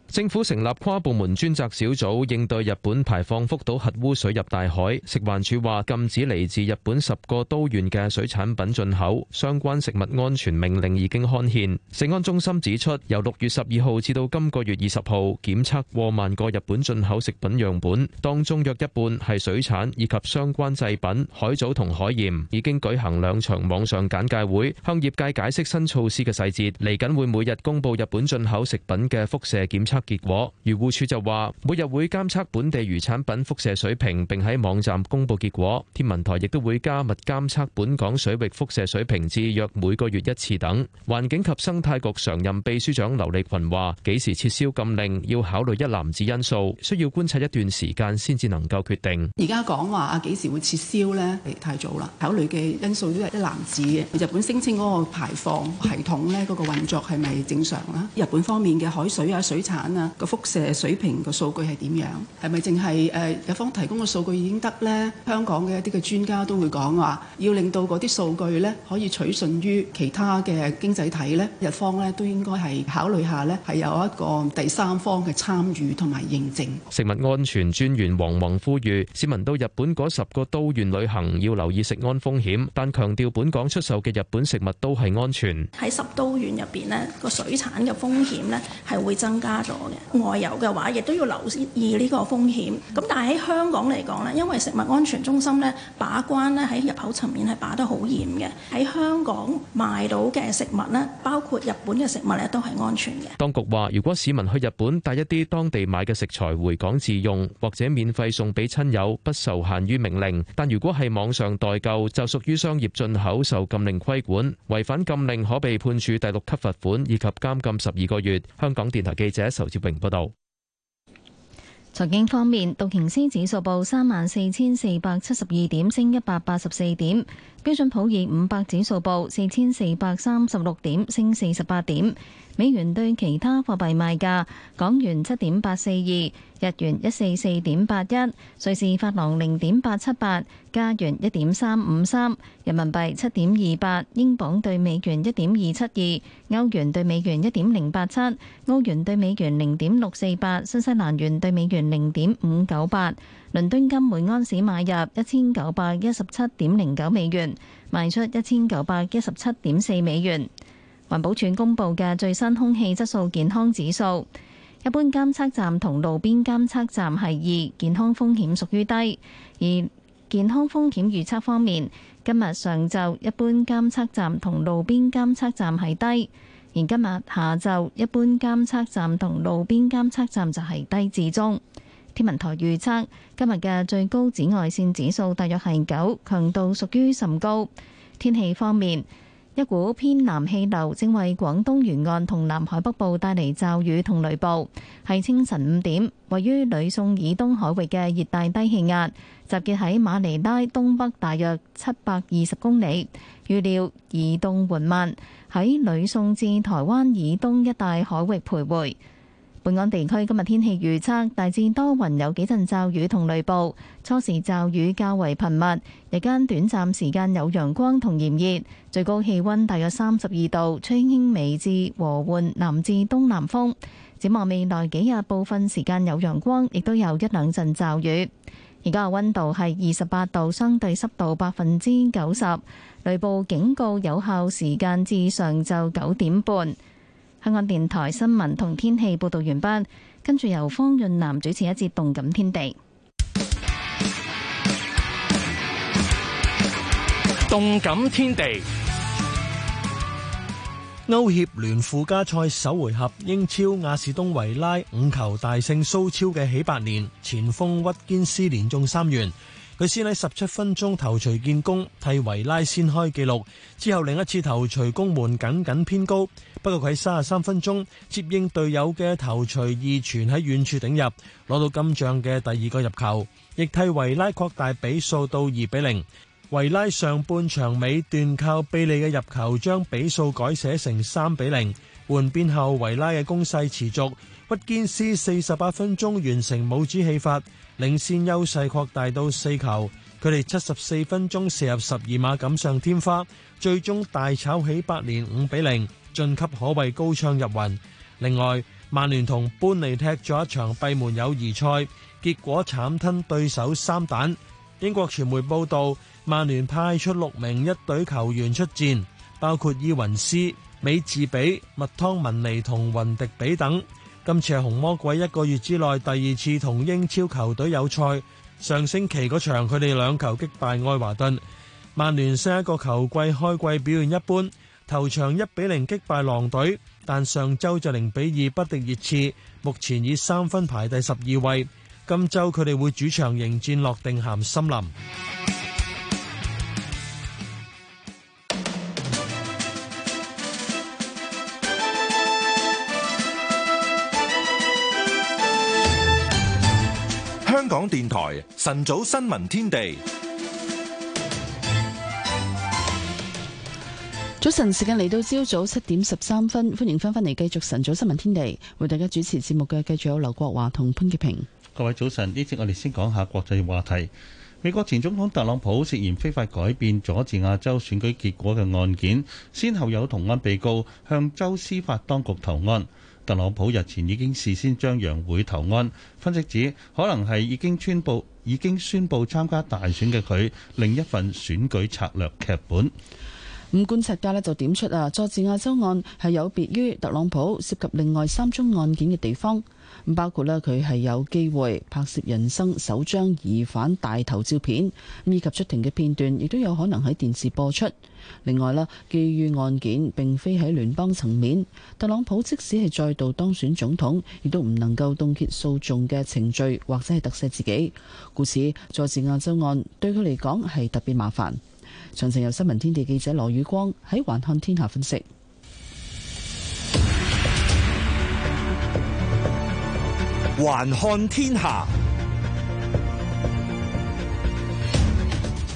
政府成立跨部門專責小組，應對日本排放福島核污水入大海。食環署話，禁止嚟自，日本十個都縣嘅水產品進口，相關食物安全命令已經刊憲。食安中心指出，由六月十二號至到今個月二十號，檢測過萬個日本進口食品樣本，當中約一半係水產以及相關製品、海藻同海鹽。已經舉行兩場網上簡介會，向業界解釋新措施嘅細節。嚟緊會每日公布日本進口食品嘅輻射檢測測結果，漁護署就話每日會監測本地漁產品輻射水平，並喺網站公佈結果。天文台亦都會加密監測本港水域輻射水平，至約每個月一次等。環境及生態局常任秘書長劉力群話，幾時撤銷禁令要考慮一籃子因素，需要觀察一段時間先至能夠決定。而家講話啊，幾時會撤銷呢？太早啦，考慮嘅因素都係一籃子嘅。日本聲稱嗰個排放系統呢，嗰個運作係咪正常啦？日本方面嘅海水啊，水產。個輻射水平個數據係點樣？係咪淨係誒日方提供嘅數據已經得咧？香港嘅一啲嘅專家都會講話，要令到嗰啲數據咧可以取信於其他嘅經濟體咧，日方咧都應該係考慮下咧，係有一個第三方嘅參與同埋認證。食物安全專員黃宏呼籲市民到日本嗰十個都縣旅行要留意食安風險，但強調本港出售嘅日本食物都係安全。喺十都縣入邊咧，個水產嘅風險咧係會增加咗。外遊嘅話，亦都要留意呢個風險。咁但係喺香港嚟講咧，因為食物安全中心咧把關咧喺入口層面係把得好嚴嘅。喺香港賣到嘅食物咧，包括日本嘅食物咧，都係安全嘅。當局話，如果市民去日本帶一啲當地買嘅食材回港自用，或者免費送俾親友，不受限於命令。但如果係網上代購，就屬於商業進口受禁令規管，違反禁令可被判處第六級罰款以及監禁十二個月。香港電台記者陳。劉捷榮報道。財經方面，道瓊斯指數報三萬四千四百七十二點，升一百八十四點；標準普爾五百指數報四千四百三十六點，升四十八點。美元對其他貨幣賣價：港元七點八四二，日元一四四點八一，瑞士法郎零點八七八，加元一點三五三，人民幣七點二八，英鎊對美元一點二七二，歐元對美元一點零八七，歐元對美元零點六四八，新西蘭元對美元零點五九八。倫敦金每安士買入一千九百一十七點零九美元，賣出一千九百一十七點四美元。環保署公布嘅最新空氣質素健康指數，一般監測站同路邊監測站係二，健康風險屬於低。而健康風險預測方面，今日上晝一般監測站同路邊監測站係低，而今日下晝一般監測站同路邊監測站就係低至中。天文台預測，今日嘅最高紫外線指數大約係九，強度屬於甚高。天氣方面。一股偏南氣流正為廣東沿岸同南海北部帶嚟驟雨同雷暴。係清晨五點，位於呂宋以東海域嘅熱帶低氣壓集結喺馬尼拉東北大約七百二十公里，預料移動緩慢，喺呂宋至台灣以東一帶海域徘徊。本港地區今日天氣預測，大致多雲，有幾陣驟雨同雷暴。初時驟雨較為頻密，日間短暫時間有陽光同炎熱，最高氣溫大約三十二度，吹輕微至和緩南至東南風。展望未來幾日，部分時間有陽光，亦都有一兩陣驟雨。而家嘅溫度係二十八度，相對濕度百分之九十，雷暴警告有效時間至上晝九點半。香港電台新聞同天氣報道完畢，跟住由方潤南主持一節《動感天地》。《動感天地》歐協聯附加賽首回合，英超阿士東維拉五球大勝蘇超嘅喜百年前鋒屈堅斯連中三元。佢先喺十七分鐘頭槌建功，替維拉先開紀錄，之後另一次頭槌攻門，僅僅偏高。不過佢喺三十三分鐘接應隊友嘅頭錘二傳喺遠處頂入，攞到金像嘅第二個入球，亦替維拉擴大比數到二比零。維拉上半場尾段靠貝利嘅入球將比數改寫成三比零。換邊後維拉嘅攻勢持續，屈堅斯四十八分鐘完成帽子戲法，領先優勢擴大到四球。佢哋七十四分鐘射入十二碼錦上添花。最終大炒起八年五比零晉級，可謂高唱入雲。另外，曼聯同般尼踢咗一場閉門友誼賽，結果慘吞對手三彈。英國傳媒報道，曼聯派出六名一隊球員出戰，包括伊雲斯、美治比、麥湯文尼同雲迪比等。今次係紅魔鬼一個月之內第二次同英超球隊有賽。上星期嗰場佢哋兩球擊敗愛華頓。曼聯上一個球季開季表現一般，頭場一比零擊敗狼隊，但上周就零比二不敵熱刺，目前以三分排第十二位。今周佢哋會主場迎戰諾定咸森林。香港電台晨早新聞天地。早晨，時間嚟到朝早七點十三分，歡迎翻返嚟繼續晨早新聞天地，為大家主持節目嘅繼續有劉國華同潘潔平。各位早晨，呢次我哋先講下國際話題。美國前總統特朗普涉嫌非法改變佐治亞州選舉結果嘅案件，先後有同案被告向州司法當局投案。特朗普日前已經事先張揚會投案，分析指可能係已經宣布已經宣布參加大選嘅佢另一份選舉策略劇本。咁觀察家呢，就點出啊，佐治亞州案係有別於特朗普涉及另外三宗案件嘅地方，包括呢，佢係有機會拍攝人生首張疑犯大頭照片，以及出庭嘅片段亦都有可能喺電視播出。另外啦，基於案件並非喺聯邦層面，特朗普即使係再度當選總統，亦都唔能夠凍結訴訟嘅程序或者係特赦自己，故此佐治亞州案對佢嚟講係特別麻煩。詳情由新聞天地記者羅宇光喺《環看天下》分析。《環看天下》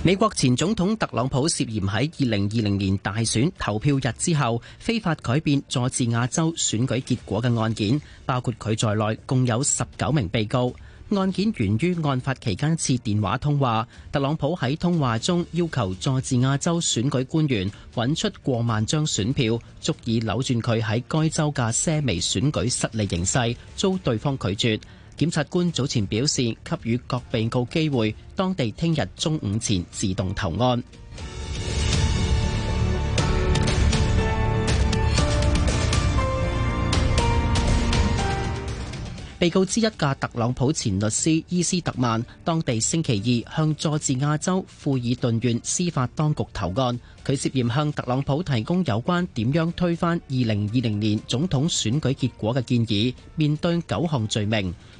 美國前總統特朗普涉嫌喺二零二零年大選投票日之後非法改變佐治亞州選舉結果嘅案件，包括佢在內共有十九名被告。案件源於案發期間一次電話通話，特朗普喺通話中要求佐治亞州選舉官員揾出過萬張選票，足以扭轉佢喺該州嘅些微選舉失利形勢，遭對方拒絕。檢察官早前表示，給予各被告機會，當地聽日中午前自動投案。被告之一嘅特朗普前律師伊斯特曼，當地星期二向佐治亞州富爾頓縣司法當局投案，佢涉嫌向特朗普提供有關點樣推翻二零二零年總統選舉結果嘅建議，面對九項罪名。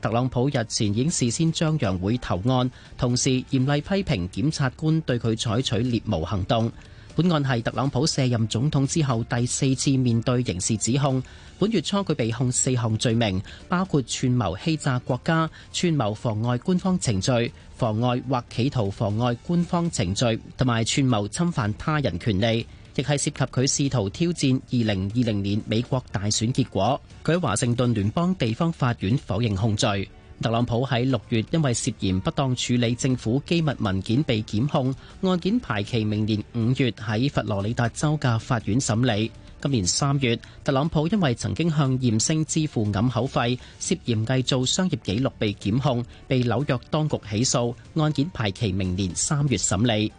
特朗普日前已事先張揚會投案，同時嚴厲批評檢察官對佢採取獵巫行動。本案係特朗普卸任總統之後第四次面對刑事指控。本月初佢被控四項罪名，包括串謀欺詐國家、串謀妨礙官方程序、妨礙或企圖妨礙官方程序，同埋串謀侵犯他人權利。亦係涉及佢試圖挑戰2020年美國大選結果。佢喺華盛頓聯邦地方法院否認控罪。特朗普喺六月因為涉嫌不當處理政府機密文件被檢控，案件排期明年五月喺佛羅里達州嘅法院審理。今年三月，特朗普因為曾經向艷星支付掩口費，涉嫌偽造商業記錄被檢控，被紐約當局起訴，案件排期明年三月審理。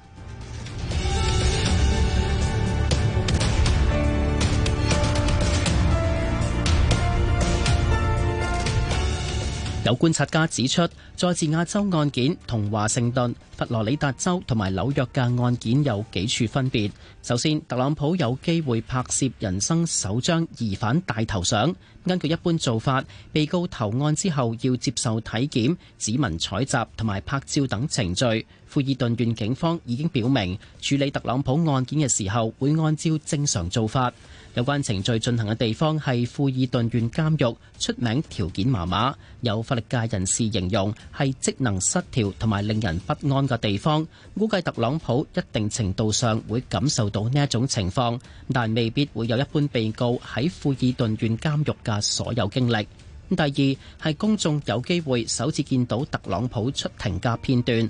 有觀察家指出，再次亞洲案件同華盛頓、佛羅里達州同埋紐約嘅案件有幾處分別。首先，特朗普有機會拍攝人生首張疑犯大頭相。根據一般做法，被告投案之後要接受體檢、指紋採集同埋拍照等程序。富爾頓縣警方已經表明，處理特朗普案件嘅時候會按照正常做法。有關程序進行嘅地方係富爾頓縣監獄，出名條件麻麻，有法律界人士形容係職能失調同埋令人不安嘅地方。估計特朗普一定程度上會感受到呢一種情況，但未必會有一般被告喺富爾頓縣監獄嘅所有經歷。第二，係公眾有機會首次見到特朗普出庭嘅片段。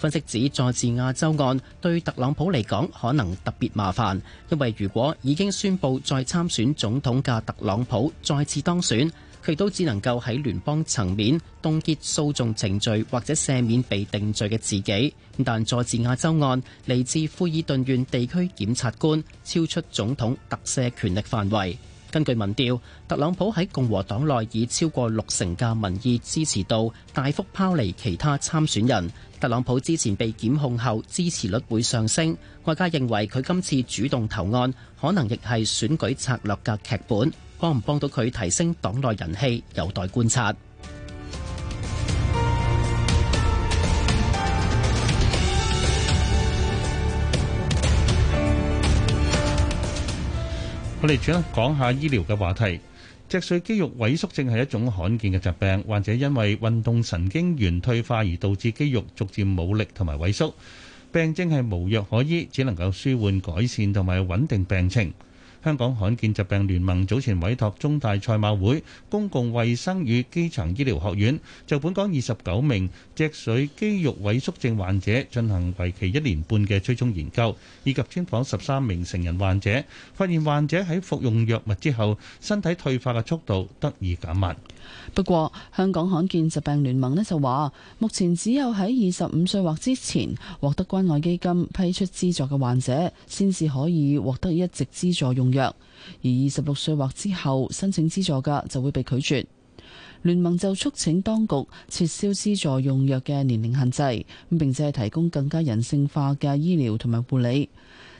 分析指，佐治亞州案對特朗普嚟講可能特別麻煩，因為如果已經宣布再參選總統嘅特朗普再次當選，佢都只能夠喺聯邦層面凍結訴訟程序，或者赦免被定罪嘅自己。但，佐治亞州案嚟自富爾頓縣地區檢察官，超出總統特赦權力範圍，根據民調特朗普喺共和黨內以超過六成嘅民意支持度，大幅拋離其他參選人。特朗普之前被檢控後，支持率會上升，外界認為佢今次主動投案可能亦係選舉策略嘅劇本，幫唔幫到佢提升黨內人氣有待觀察。我哋轉一講下醫療嘅話題。脊髓肌肉萎縮症係一種罕見嘅疾病，患者因為運動神經元退化而導致肌肉逐漸冇力同埋萎縮，病症係無藥可醫，只能夠舒緩改善同埋穩定病情。香港罕見疾病聯盟早前委託中大賽馬會公共衛生與基層醫療學院就本港二十九名脊髓肌肉萎縮症患者進行為期一年半嘅追蹤研究，以及專訪十三名成人患者，發現患者喺服用藥物之後，身體退化嘅速度得以減慢。不過，香港罕見疾病聯盟咧就話，目前只有喺二十五歲或之前獲得關愛基金批出資助嘅患者，先至可以獲得一直資助用藥；而二十六歲或之後申請資助嘅就會被拒絕。聯盟就促請當局撤銷資助用藥嘅年齡限制，咁並且係提供更加人性化嘅醫療同埋護理。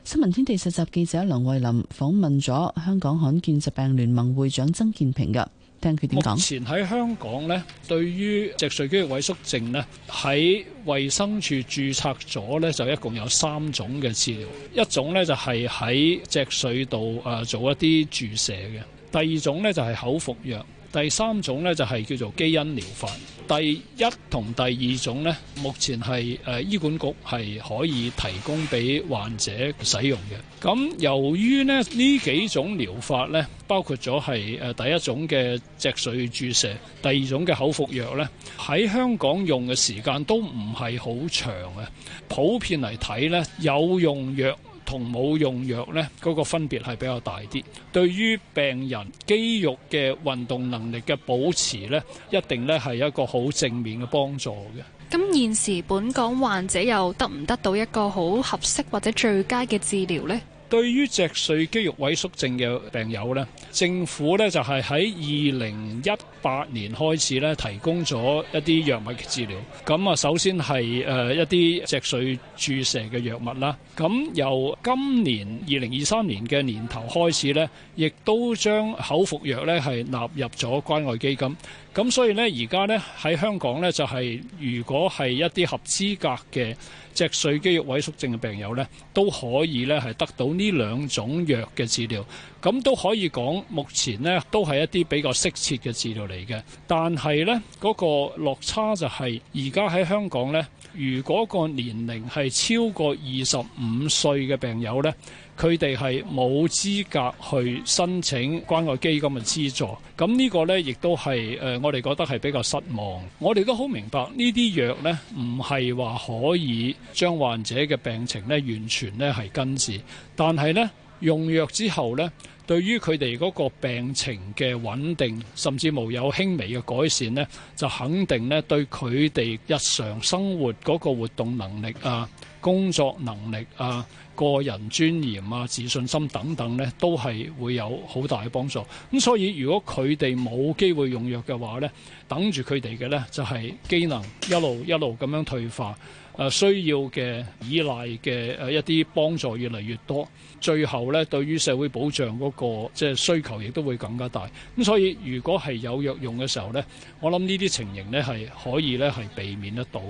新聞天地實習記者梁慧琳訪問咗香港罕見疾病聯盟會長曾建平嘅。聽佢點講？目前喺香港呢，對於脊髓肌萎縮症呢，喺衞生署註冊咗呢，就一共有三種嘅治療。一種呢，就係、是、喺脊髓度誒做一啲注射嘅；第二種呢，就係、是、口服藥。第三種咧，就係叫做基因療法。第一同第二種呢，目前係誒醫管局係可以提供俾患者使用嘅。咁由於咧，呢幾種療法呢，包括咗係誒第一種嘅脊髓注射，第二種嘅口服藥呢，喺香港用嘅時間都唔係好長嘅。普遍嚟睇呢，有用藥，同冇用藥呢，嗰個分別係比較大啲。對於病人肌肉嘅運動能力嘅保持呢，一定呢係一個好正面嘅幫助嘅。咁現時本港患者又得唔得到一個好合適或者最佳嘅治療呢？對於脊髓肌肉萎縮症嘅病友咧，政府咧就係喺二零一八年開始咧提供咗一啲藥物嘅治療。咁啊，首先係誒一啲脊髓注射嘅藥物啦。咁由今年二零二三年嘅年頭開始咧，亦都將口服藥咧係納入咗關愛基金。咁所以呢，而家呢喺香港呢，就係、是、如果係一啲合資格嘅脊髓肌肉萎縮症嘅病友呢，都可以呢，係得到呢兩種藥嘅治療，咁都可以講目前呢都係一啲比較適切嘅治療嚟嘅。但係呢嗰、那個落差就係而家喺香港呢，如果個年齡係超過二十五歲嘅病友呢。佢哋係冇資格去申請關愛基金嘅資助，咁呢個呢，亦都係誒、呃、我哋覺得係比較失望。我哋都好明白呢啲藥呢，唔係話可以將患者嘅病情呢完全呢係根治，但係呢，用藥之後呢，對於佢哋嗰個病情嘅穩定，甚至無有輕微嘅改善呢，就肯定呢對佢哋日常生活嗰個活動能力啊、工作能力啊。個人尊嚴啊、自信心等等呢，都係會有好大嘅幫助。咁所以，如果佢哋冇機會用藥嘅話呢，等住佢哋嘅呢，就係機能一路一路咁樣退化，誒需要嘅依賴嘅誒一啲幫助越嚟越多。最後咧，對於社會保障嗰個即係需求，亦都會更加大。咁所以，如果係有藥用嘅時候咧，我諗呢啲情形咧係可以咧係避免得到。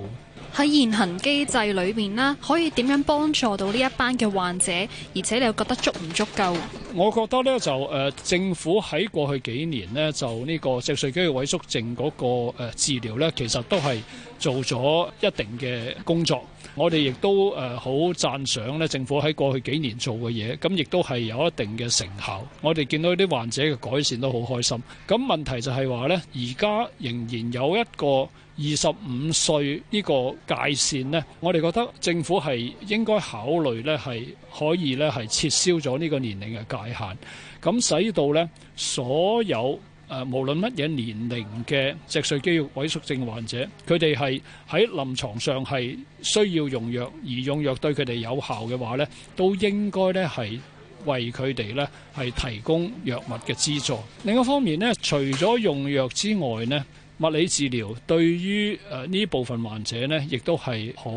喺現行機制裏面啦，可以點樣幫助到呢一班嘅患者，而且你又覺得足唔足夠？我覺得咧就誒、呃，政府喺過去幾年呢，就呢個脊髓肌萎縮症嗰個治療咧，其實都係做咗一定嘅工作。我哋亦都誒好讚賞咧，政府喺過去幾年做嘅嘢，咁亦都係有一定嘅成效。我哋見到啲患者嘅改善都好開心。咁問題就係話呢，而家仍然有一個二十五歲呢個界線呢，我哋覺得政府係應該考慮呢，係可以呢係撤銷咗呢個年齡嘅界限，咁使到呢所有。誒，無論乜嘢年齡嘅脊髓肌肉萎縮症患者，佢哋係喺臨床上係需要用藥，而用藥對佢哋有效嘅話呢，都應該呢係為佢哋呢係提供藥物嘅資助。另一方面，呢除咗用藥之外呢。物理治療對於誒呢部分患者呢，亦都係好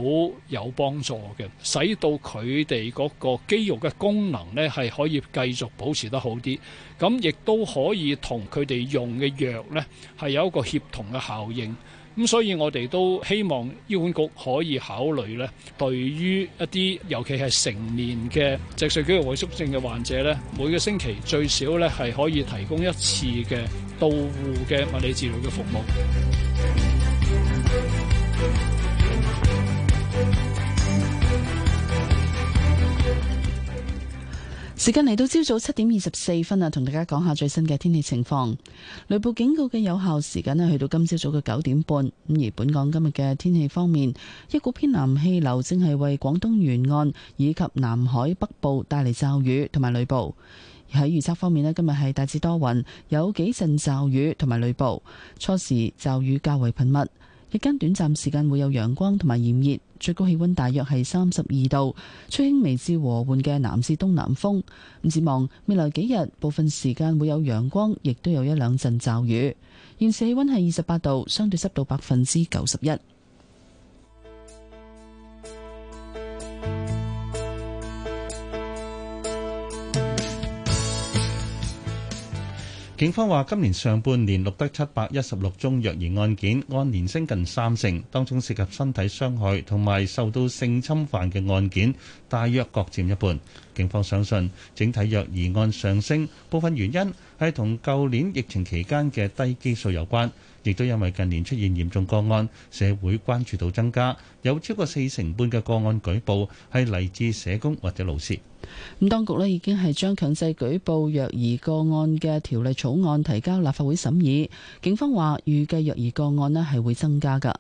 有幫助嘅，使到佢哋嗰個肌肉嘅功能呢，係可以繼續保持得好啲，噉亦都可以同佢哋用嘅藥呢，係有一個協同嘅效應。咁所以我哋都希望醫管局可以考慮咧，對於一啲尤其係成年嘅脊髓肌肉萎縮症嘅患者咧，每個星期最少咧係可以提供一次嘅到戶嘅物理治療嘅服務。時間嚟到朝早七點二十四分啊，同大家講下最新嘅天氣情況。雷暴警告嘅有效時間呢，去到今朝早嘅九點半。咁而本港今日嘅天氣方面，一股偏南氣流正係為廣東沿岸以及南海北部帶嚟驟雨同埋雷暴。喺預測方面呢，今日係大致多雲，有幾陣驟雨同埋雷暴，初時驟雨較為頻密。日間短暫時間會有陽光同埋炎熱，最高氣溫大約係三十二度，吹輕微至和緩嘅南至東南風。咁展望未來幾日，部分時間會有陽光，亦都有一兩陣驟雨。現時氣溫係二十八度，相對濕度百分之九十一。警方話：今年上半年錄得七百一十六宗虐兒案件，按年升近三成。當中涉及身體傷害同埋受到性侵犯嘅案件，大約各佔一半。警方相信，整體虐兒案上升，部分原因係同舊年疫情期間嘅低基數有關。亦都因為近年出現嚴重個案，社會關注度增加，有超過四成半嘅個案舉報係嚟自社工或者老師。咁當局咧已經係將強制舉報虐兒個案嘅條例草案提交立法會審議。警方話預計虐兒個案咧係會增加㗎。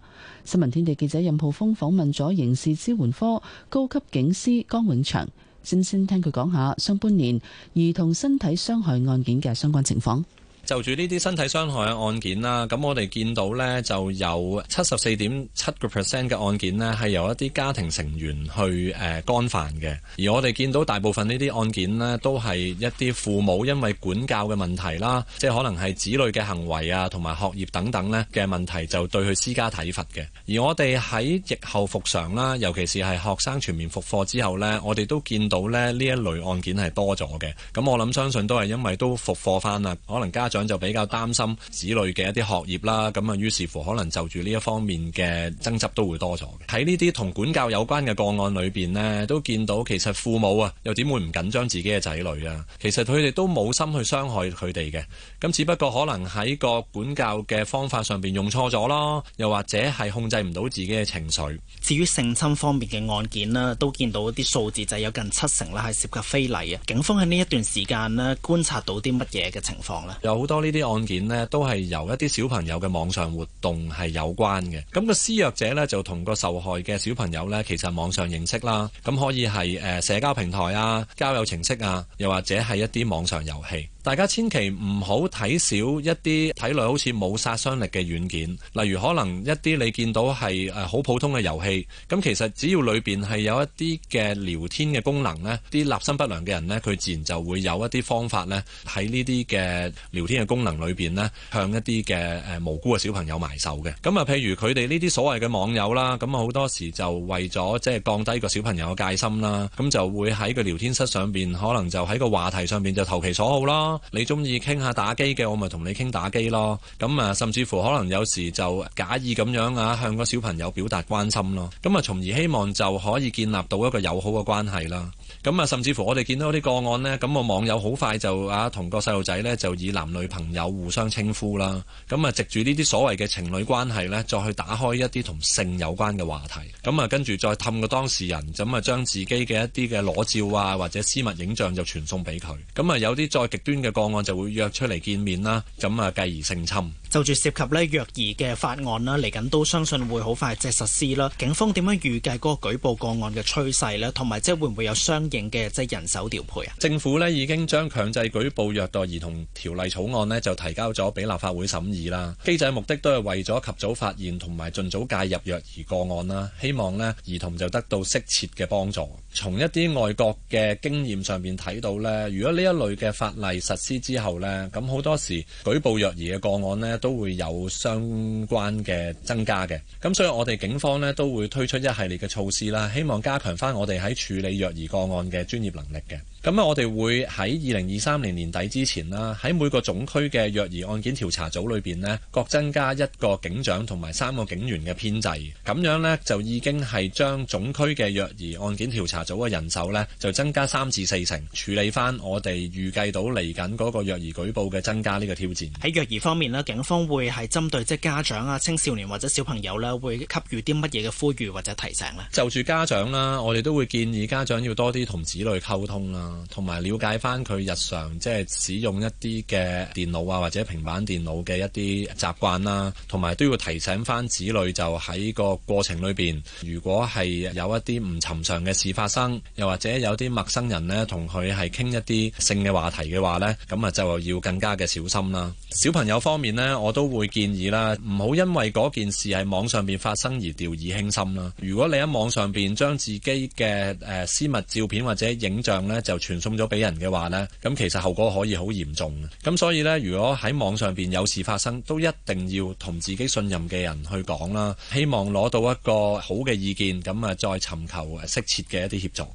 新聞天地記者任浩峰訪問咗刑事支援科高級警司江永祥，先先聽佢講下上半年兒童身體傷害案件嘅相關情況。就住呢啲身體傷害嘅案件啦，咁我哋見到咧就有七十四點七個 percent 嘅案件咧係由一啲家庭成員去誒、呃、干犯嘅，而我哋見到大部分呢啲案件咧都係一啲父母因為管教嘅問題啦，即係可能係子女嘅行為啊同埋學業等等咧嘅問題，就對佢施加體罰嘅。而我哋喺疫後復常啦，尤其是係學生全面復課之後咧，我哋都見到咧呢一類案件係多咗嘅。咁我諗相信都係因為都復課翻啦，可能家長就比較擔心子女嘅一啲學業啦，咁啊，於是乎可能就住呢一方面嘅爭執都會多咗。喺呢啲同管教有關嘅個案裏邊呢，都見到其實父母啊，又點會唔緊張自己嘅仔女啊？其實佢哋都冇心去傷害佢哋嘅，咁只不過可能喺個管教嘅方法上邊用錯咗咯，又或者係控制唔到自己嘅情緒。至於性侵方面嘅案件咧，都見到啲數字就有近七成啦係涉及非禮啊。警方喺呢一段時間呢，觀察到啲乜嘢嘅情況呢？好多呢啲案件咧，都係由一啲小朋友嘅網上活動係有關嘅。咁個施虐者咧，就同個受害嘅小朋友咧，其實網上認識啦。咁可以係誒社交平台啊、交友程式啊，又或者係一啲網上遊戲。大家千祈唔好睇少一啲睇落好似冇殺傷力嘅軟件，例如可能一啲你見到係誒好普通嘅遊戲，咁其實只要裏邊係有一啲嘅聊天嘅功能咧，啲立心不良嘅人咧，佢自然就會有一啲方法咧，喺呢啲嘅聊天嘅功能裏邊咧，向一啲嘅誒無辜嘅小朋友埋手嘅。咁啊，譬如佢哋呢啲所謂嘅網友啦，咁啊好多時就為咗即係降低個小朋友嘅戒心啦，咁就會喺個聊天室上邊，可能就喺個話題上邊就投其所好啦。你中意傾下打機嘅，我咪同你傾打機咯。咁啊，甚至乎可能有時就假意咁樣啊，向個小朋友表達關心咯。咁啊，從而希望就可以建立到一個友好嘅關係啦。咁啊，甚至乎我哋見到啲個案呢，咁個網友好快就啊，同個細路仔呢，就以男女朋友互相稱呼啦，咁啊，藉住呢啲所謂嘅情侶關係呢，再去打開一啲同性有關嘅話題，咁啊，跟住再氹個當事人，咁啊，將自己嘅一啲嘅裸照啊或者私密影像就傳送俾佢，咁啊，有啲再極端嘅個案就會約出嚟見面啦，咁啊，繼而性侵。就住涉及咧虐兒嘅法案啦，嚟緊都相信會好快即係實施啦。警方點樣預計嗰個舉報個案嘅趨勢咧，同埋即係會唔會有相應嘅即係人手調配啊？政府咧已經將強制舉報虐待兒童條例草案咧就提交咗俾立法會審議啦。機制目的都係為咗及早發現同埋盡早介入虐兒個案啦，希望咧兒童就得到適切嘅幫助。從一啲外國嘅經驗上面睇到咧，如果呢一類嘅法例實施之後咧，咁好多時舉報虐兒嘅個案咧。都會有相關嘅增加嘅，咁所以我哋警方呢，都會推出一系列嘅措施啦，希望加強返我哋喺處理虐兒個案嘅專業能力嘅。咁啊，我哋會喺二零二三年年底之前啦，喺每個總區嘅虐兒案件調查組裏邊呢，各增加一個警長同埋三個警員嘅編制，咁樣呢，就已經係將總區嘅虐兒案件調查組嘅人手呢，就增加三至四成，處理翻我哋預計到嚟緊嗰個虐兒舉報嘅增加呢個挑戰。喺虐兒方面呢，警方會係針對即係家長啊、青少年或者小朋友咧，會給予啲乜嘢嘅呼籲或者提醒呢？就住家長啦，我哋都會建議家長要多啲同子女溝通啦。同埋了解翻佢日常即係使，使用一啲嘅電腦啊或者平板電腦嘅一啲習慣啦，同埋都要提醒翻子女就喺個過程裏邊，如果係有一啲唔尋常嘅事發生，又或者有啲陌生人呢，同佢係傾一啲性嘅話題嘅話呢，咁啊就要更加嘅小心啦，啊。小朋友方面呢，我都會建議啦，唔好因為嗰件事喺網上邊發生而掉以輕心啦。如果你喺網上邊將自己嘅誒、呃、私密照片或者影像呢，就傳送咗俾人嘅話呢，咁其實後果可以好嚴重嘅。咁所以呢，如果喺網上邊有事發生，都一定要同自己信任嘅人去講啦。希望攞到一個好嘅意見，咁啊再尋求適切嘅一啲協助。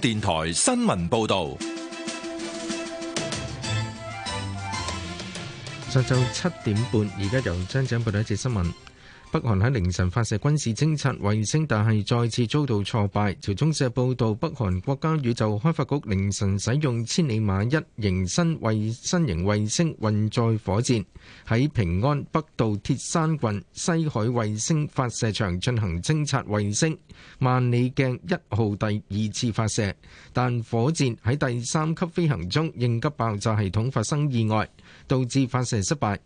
電台新聞報道，上晝七點半，而家由張生報道一節新聞。北韓喺凌晨發射軍事偵察衛星，但係再次遭到挫敗。朝中社報道，北韓國家宇宙開發局凌晨使用千里馬一型新衛新型衛星運載火箭，喺平安北道鐵山郡西海衛星發射場進行偵察衛星萬里鏡一號第二次發射，但火箭喺第三級飛行中應急爆炸系統發生意外，導致發射失敗。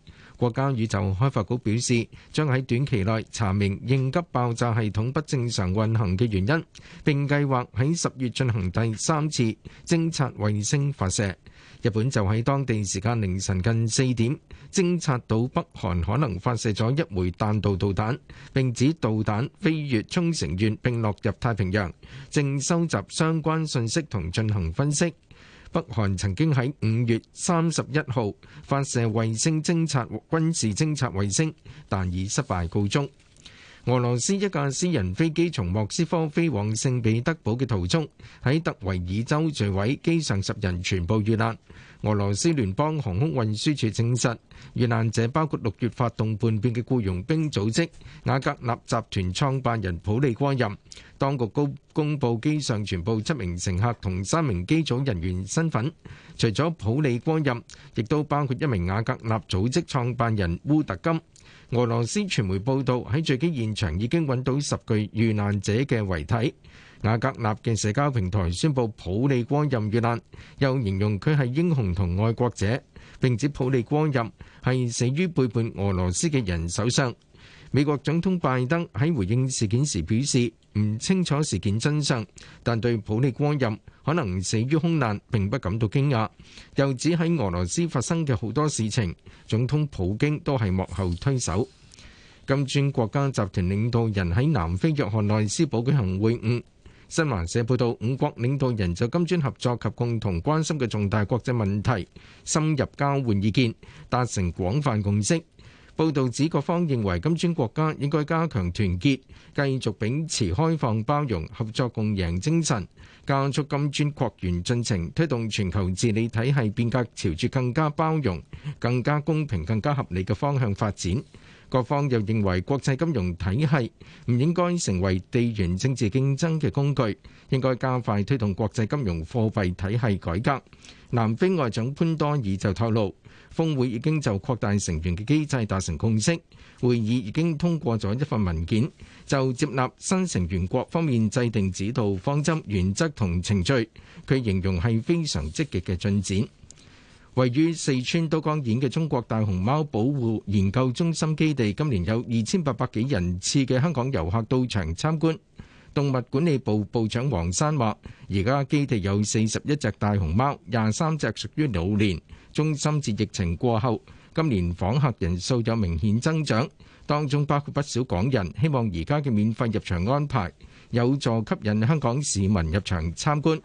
國家宇宙開發局表示，將喺短期內查明應急爆炸系統不正常運行嘅原因，並計劃喺十月進行第三次偵察衛星發射。日本就喺當地時間凌晨近四點偵察到北韓可能發射咗一枚彈道導彈，並指導彈飛越沖繩縣並落入太平洋，正收集相關信息同進行分析。北韓曾經喺五月三十一號發射衛星偵察軍事偵察衛星，但以失敗告終。俄羅斯一架私人飛機從莫斯科飛往聖彼得堡嘅途中，喺德維爾州墜毀，機上十人全部遇難。俄羅斯聯邦航空運輸署證實，遇難者包括六月發動叛變嘅僱傭兵組織雅格納集團創辦人普利戈任。當局高公布機上全部七名乘客同三名機組人員身份，除咗普利戈任，亦都包括一名雅格納組織創辦人烏特金。俄羅斯傳媒報道，喺墜機現場已經揾到十具遇難者嘅遺體。瓦格納嘅社交平台宣布普里戈任遇難，又形容佢係英雄同愛國者，並指普里戈任係死於背叛俄羅斯嘅人手上。美國總統拜登喺回應事件時表示，唔清楚事件真相，但對普里戈任可能死於空難並不感到驚訝，又指喺俄羅斯發生嘅好多事情，總統普京都係幕後推手。金磚國家集團領導人喺南非約翰內斯堡舉行會晤。新華社報道，五國領導人就金磚合作及共同關心嘅重大國際問題深入交換意見，達成廣泛共識。報道指，各方認為金磚國家應該加強團結，繼續秉持開放、包容、合作、共贏精神，加速金磚擴員進程，推動全球治理體系變革朝住更加包容、更加公平、更加合理嘅方向發展。各方又認為國際金融體系唔應該成為地緣政治競爭嘅工具，應該加快推動國際金融貨幣體系改革。南非外長潘多爾就透露，峰會已經就擴大成員嘅機制達成共識，會議已經通過咗一份文件，就接納新成員國方面制定指導方針、原則同程序。佢形容係非常積極嘅進展。位於四川都江堰嘅中國大熊貓保護研究中心基地，今年有二千八百幾人次嘅香港遊客到場參觀。動物管理部部長黃山話，而家基地有四十一隻大熊貓，廿三隻屬於老年。中心自疫情過後，今年訪客人數有明顯增長，當中包括不少港人。希望而家嘅免費入場安排有助吸引香港市民入場參觀。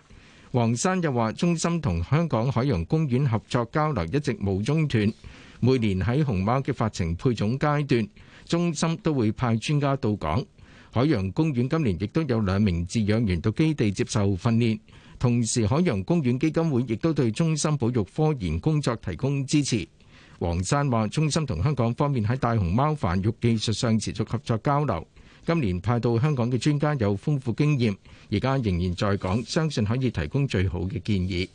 黃山又話：中心同香港海洋公園合作交流一直冇中斷，每年喺熊貓嘅發情配種階段，中心都會派專家到港。海洋公園今年亦都有兩名飼養員到基地接受訓練，同時海洋公園基金會亦都對中心保育科研工作提供支持。黃山話：中心同香港方面喺大熊貓繁育技術上持續合作交流。今年派到香港嘅專家有豐富經驗，而家仍然在港，相信可以提供最好嘅建議。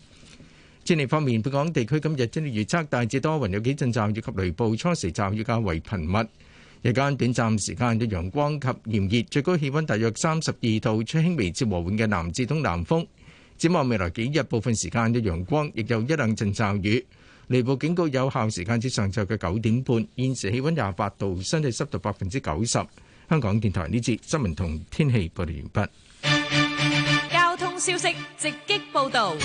天氣方面，本港地區今日天氣預測大致多雲，有幾陣驟雨及雷暴，初時驟雨較為頻密。日間短暫時間有陽光及炎熱，最高氣温大約三十二度，吹輕微至和緩嘅南至東南風。展望未來幾日，部分時間有陽光，亦有一兩陣驟雨。雷暴警告有效時間至上晝嘅九點半。現時氣温廿八度，相對濕度百分之九十。香港電台呢節新聞同天氣報道，完畢。交通消息直擊報道。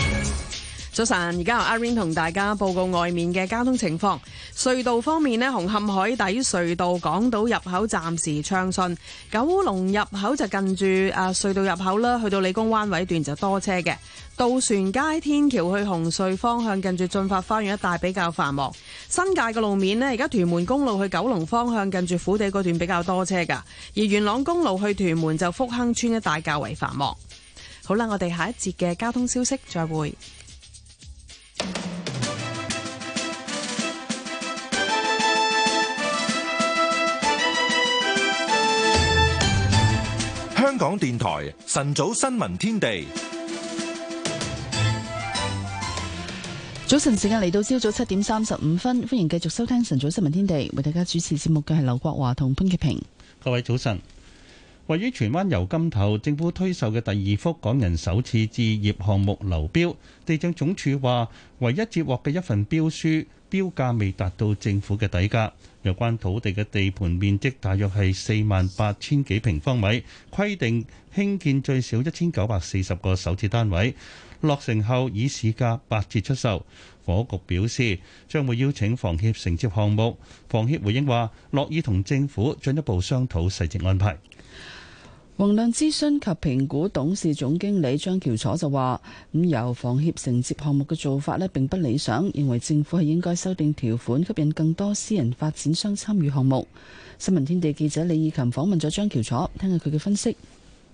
早晨，而家由阿 Ring 同大家報告外面嘅交通情況。隧道方面呢，紅磡海底隧道港島入口暫時暢順，九龍入口就近住啊隧道入口啦。去到理工灣位段就多車嘅。渡船街天橋去紅隧方向，近住駿發花園一帶比較繁忙。新界嘅路面呢，而家屯門公路去九龍方向近住虎地嗰段比較多車噶。而元朗公路去屯門就福亨村一帶較為繁忙。好啦，我哋下一節嘅交通消息再會。香港電台晨早新聞天地，早晨時間嚟到朝早七點三十五分，歡迎繼續收聽晨早新聞天地，為大家主持節目嘅係劉國華同潘潔平。各位早晨。位於荃灣油柑頭政府推售嘅第二幅港人首次置業項目流標，地政總署話，唯一接獲嘅一份標書，標價未達到政府嘅底價。有關土地嘅地盤面積大約係四萬八千幾平方米，規定興建最少一千九百四十個首置單位，落成後以市價八折出售。房屋局表示將會邀請房協承接項目，房協回應話樂意同政府進一步商討實質安排。宏亮諮詢及評估董事總經理張喬楚就話，咁由房協承接項目嘅做法咧，並不理想，認為政府係應該修訂條款，吸引更多私人發展商參與項目。新聞天地記者李以琴訪問咗張喬楚，聽下佢嘅分析。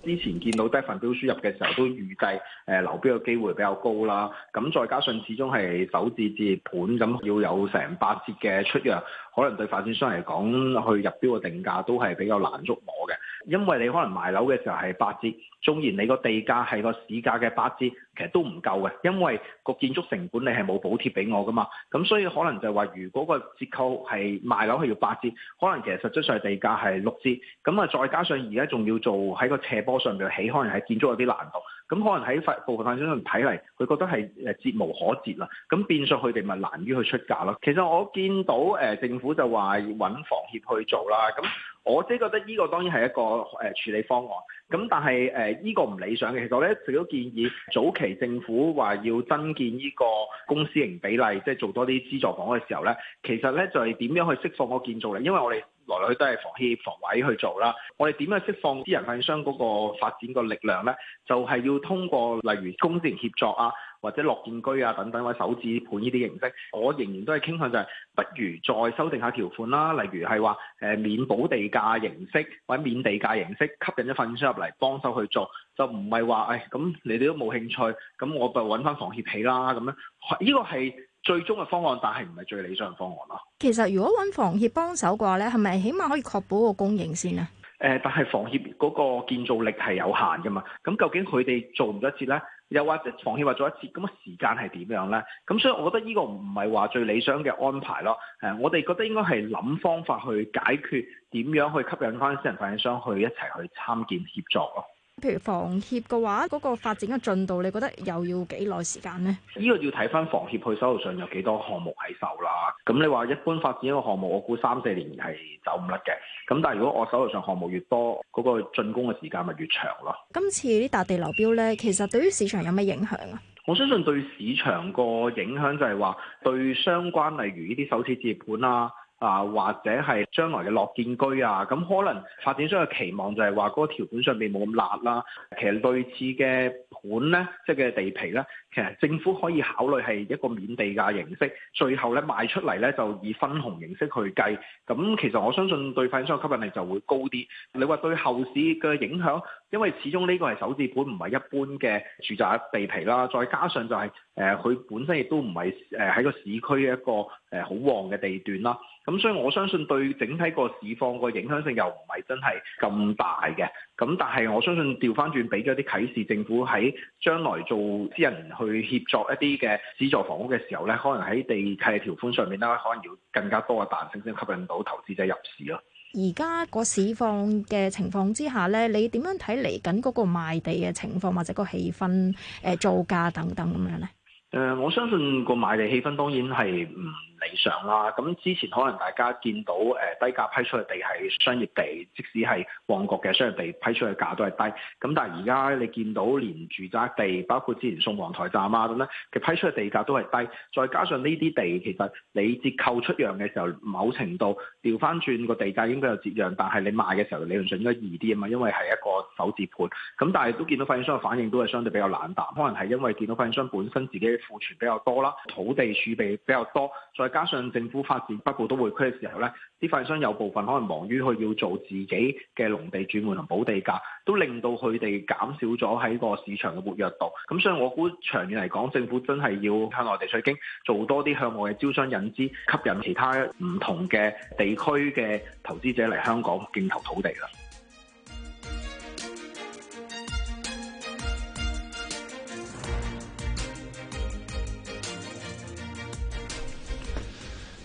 之前見到低份標輸入嘅時候，都預計誒流標嘅機會比較高啦。咁再加上始終係首置置盤咁，要有成八折嘅出讓，可能對發展商嚟講，去入標嘅定價都係比較難捉摸嘅。因為你可能賣樓嘅時候係八折，縱然你個地價係個市價嘅八折，其實都唔夠嘅，因為個建築成本你係冇補貼俾我㗎嘛。咁所以可能就係話，如果個折扣係賣樓係要八折，可能其實實際上地價係六折，咁啊再加上而家仲要做喺個斜坡上面起，可能係建築有啲難度，咁可能喺發部分發展商睇嚟，佢覺得係誒絕無可絕啦。咁變相佢哋咪難於去出價咯。其實我見到誒、呃、政府就話要揾房協去做啦，咁。我即係覺得呢個當然係一個誒處理方案，咁但係誒呢個唔理想嘅。其實咧，我哋都建議早期政府話要增建呢個公私營比例，即係做多啲資助房嘅時候咧，其實咧就係點樣去釋放嗰個建造力？因為我哋來來去去都係房協、房委去做啦，我哋點樣釋放私人發展商嗰個發展個力量咧？就係要通過例如公私營協作啊。或者樂建居啊等等，或者首置盤呢啲形式，我仍然都係傾向就係、是、不如再修訂下條款啦。例如係話誒免補地價形式或者免地價形式，吸引一份商入嚟幫手去做，就唔係話誒咁你哋都冇興趣，咁我就揾翻房協起啦咁樣。依、這個係最終嘅方案，但係唔係最理想嘅方案咯。其實如果揾房協幫手嘅話咧，係咪起碼可以確保個供應先啊？誒、呃，但係房協嗰個建造力係有限嘅嘛。咁究竟佢哋做唔得切咧？又或者房協話咗一次，咁啊時間係點樣咧？咁所以我覺得呢個唔係話最理想嘅安排咯。誒，我哋覺得應該係諗方法去解決，點樣去吸引返私人發展商去一齊去參見協作咯。譬如房協嘅話，嗰個發展嘅進度你覺得又要幾耐時間呢？呢個要睇返房協佢手頭上有幾多項目喺手啦。咁你話一般發展一個項目，我估三四年係走唔甩嘅。咁但係如果我手頭上項目越多，嗰個竣工嘅時間咪越長咯。今次呢笪地流標呢，其實對於市場有咩影響啊？我相信對市場個影響就係話，對相關例如呢啲首次置業盤啊。啊，或者係將來嘅樂建居啊，咁可能發展商嘅期望就係話嗰個條款上面冇咁辣啦、啊。其實類似嘅盤咧，即係嘅地皮咧，其實政府可以考慮係一個免地價形式，最後咧賣出嚟咧就以分紅形式去計。咁其實我相信對發展商嘅吸引力就會高啲。你話對後市嘅影響，因為始終呢個係首置盤，唔係一般嘅住宅地皮啦。再加上就係、是、誒，佢、呃、本身亦都唔係誒喺個市區嘅一個誒好旺嘅地段啦。咁所以我相信對整體個市況個影響性又唔係真係咁大嘅，咁但係我相信調翻轉俾咗啲啟示，政府喺將來做私人去協作一啲嘅資助房屋嘅時候咧，可能喺地契條款上面啦，可能要更加多嘅彈性先吸引到投資者入市咯。而家個市況嘅情況之下咧，你點樣睇嚟緊嗰個賣地嘅情況或者個氣氛誒、呃、造價等等咁樣咧？誒、呃，我相信個賣地氣氛當然係唔。嗯理想啦、啊，咁之前可能大家見到誒、呃、低價批出嘅地係商業地，即使係旺角嘅商業地批出嘅價都係低。咁但係而家你見到連住宅地，包括之前宋皇臺站啊咁咧，佢批出嘅地價都係低。再加上呢啲地其實你折扣出讓嘅時候，某程度調翻轉個地價應該有折讓，但係你賣嘅時候理論上應該易啲啊嘛，因為係一個首置盤。咁但係都見到發展商嘅反應都係相對比較冷淡，可能係因為見到發展商本身自己庫存比較多啦，土地儲備比較多，再加上政府發展北部都會區嘅時候咧，啲發展商有部分可能忙於去要做自己嘅農地轉換同補地價，都令到佢哋減少咗喺個市場嘅活躍度。咁所以我估長遠嚟講，政府真係要向內地取經，做多啲向外嘅招商引資，吸引其他唔同嘅地區嘅投資者嚟香港競投土地啦。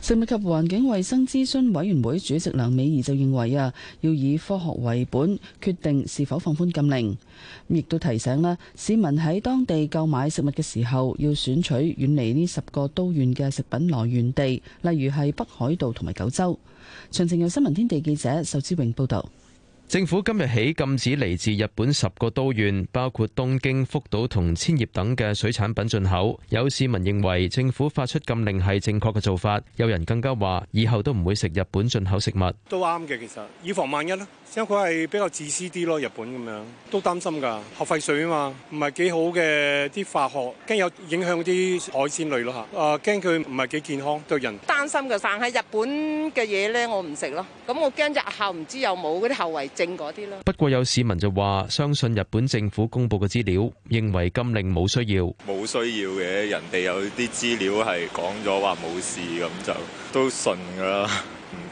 食物及環境衛生諮詢委員會主席梁美儀就認為啊，要以科學為本，決定是否放寬禁令。亦都提醒咧，市民喺當地購買食物嘅時候，要選取遠離呢十個都縣嘅食品來源地，例如係北海道同埋九州。詳情由新聞天地記者仇志榮報道。政府今日起禁止嚟自日本十個都縣，包括東京、福島同千葉等嘅水產品進口。有市民認為政府發出禁令係正確嘅做法，有人更加話以後都唔會食日本進口食物。都啱嘅，其實以防萬一啦。因為佢係比較自私啲咯，日本咁樣都擔心㗎，核廢水啊嘛，唔係幾好嘅啲化學，驚有影響啲海鮮類咯嚇。啊，驚佢唔係幾健康對人。擔心㗎，但係日本嘅嘢咧，我唔食咯。咁我驚日後唔知有冇嗰啲後遺症嗰啲咯。不過有市民就話，相信日本政府公布嘅資料，認為禁令冇需要。冇需要嘅，人哋有啲資料係講咗話冇事，咁就都信㗎啦。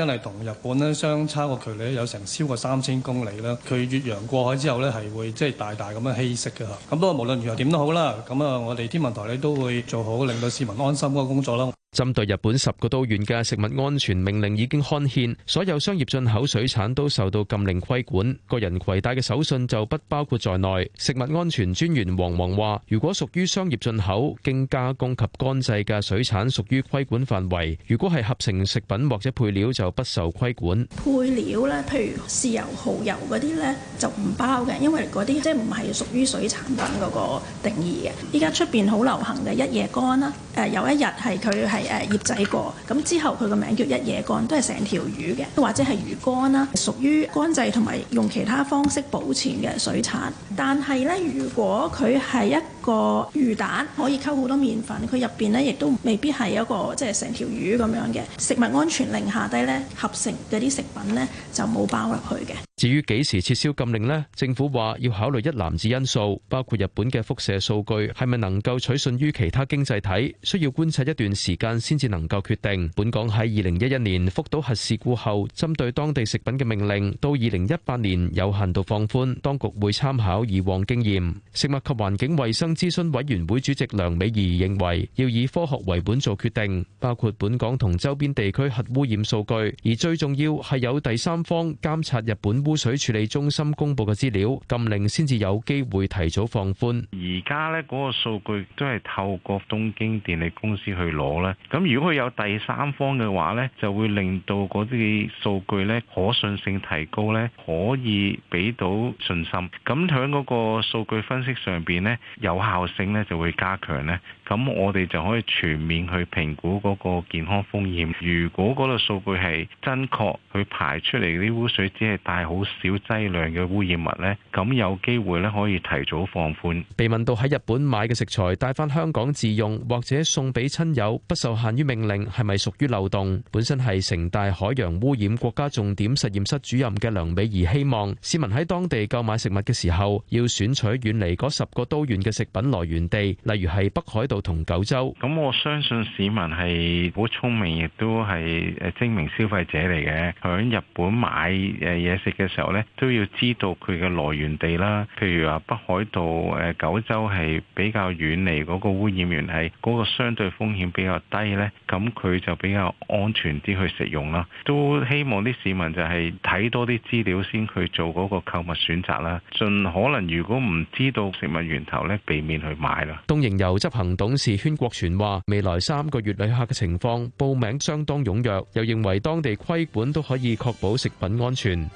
真係同日本咧相差個距離有成超過三千公里啦，佢越洋過海之後咧係會即係大大咁樣稀釋嘅嚇。咁不過無論如何點都好啦，咁啊我哋天文台咧都會做好令到市民安心個工作啦。針對日本十個都縣嘅食物安全命令已經刊憲，所有商業進口水產都受到禁令規管，個人攜帶嘅手信就不包括在內。食物安全專員黃黃話：如果屬於商業進口、經加工及乾製嘅水產，屬於規管範圍；如果係合成食品或者配料，就不受規管。配料咧，譬如豉油、蠔油嗰啲咧，就唔包嘅，因為嗰啲即係唔係屬於水產品嗰個定義嘅。依家出邊好流行嘅一夜乾啦，誒，有一日係佢係。誒醃製過，咁之後佢個名叫一夜乾，都係成條魚嘅，或者係魚乾啦，屬於乾製同埋用其他方式保存嘅水產。但係呢，如果佢係一個魚蛋可以溝好多麵粉，佢入邊咧亦都未必係一個即係成條魚咁樣嘅。食物安全令下低咧，合成嗰啲食品咧就冇包入去嘅。至於幾時撤銷禁令咧，政府話要考慮一籃子因素，包括日本嘅輻射數據係咪能夠取信於其他經濟體，需要觀察一段時間先至能夠決定。本港喺二零一一年福島核事故後，針對當地食品嘅命令，到二零一八年有限度放寬，當局會參考以往經驗，食物及環境衛生，諮詢委員會主席梁美儀認為，要以科學為本做決定，包括本港同周邊地區核污染數據，而最重要係有第三方監察日本污水處理中心公布嘅資料，禁令先至有機會提早放寬。而家咧嗰個數據都係透過東京電力公司去攞咧，咁如果佢有第三方嘅話咧，就會令到嗰啲數據咧可信性提高咧，可以俾到信心。咁喺嗰個數據分析上邊咧，有。有效性呢，就會加強呢。咁我哋就可以全面去評估嗰個健康風險。如果嗰個數據係真確去排出嚟啲污水只係帶好少劑量嘅污染物呢，咁有機會呢，可以提早放寬。被問到喺日本買嘅食材帶翻香港自用或者送俾親友，不受限於命令，係咪屬於漏洞？本身係城大海洋污染國家重點實驗室主任嘅梁美儀希望市民喺當地購買食物嘅時候，要選取遠離嗰十個都縣嘅食品來源地，例如係北海道同九州，咁我相信市民係好聰明，亦都係誒精明消費者嚟嘅。響日本買誒嘢食嘅時候呢，都要知道佢嘅來源地啦。譬如話北海道誒九州係比較遠離嗰個污染源，係嗰個相對風險比較低呢，咁佢就比較安全啲去食用啦。都希望啲市民就係睇多啲資料先去做嗰個購物選擇啦。盡可能如果唔知道食物源頭呢，面去買啦。東瀛遊執行董事禤國全話，未來三個月旅客嘅情況報名相當踊躍，又認為當地規管都可以確保食品安全。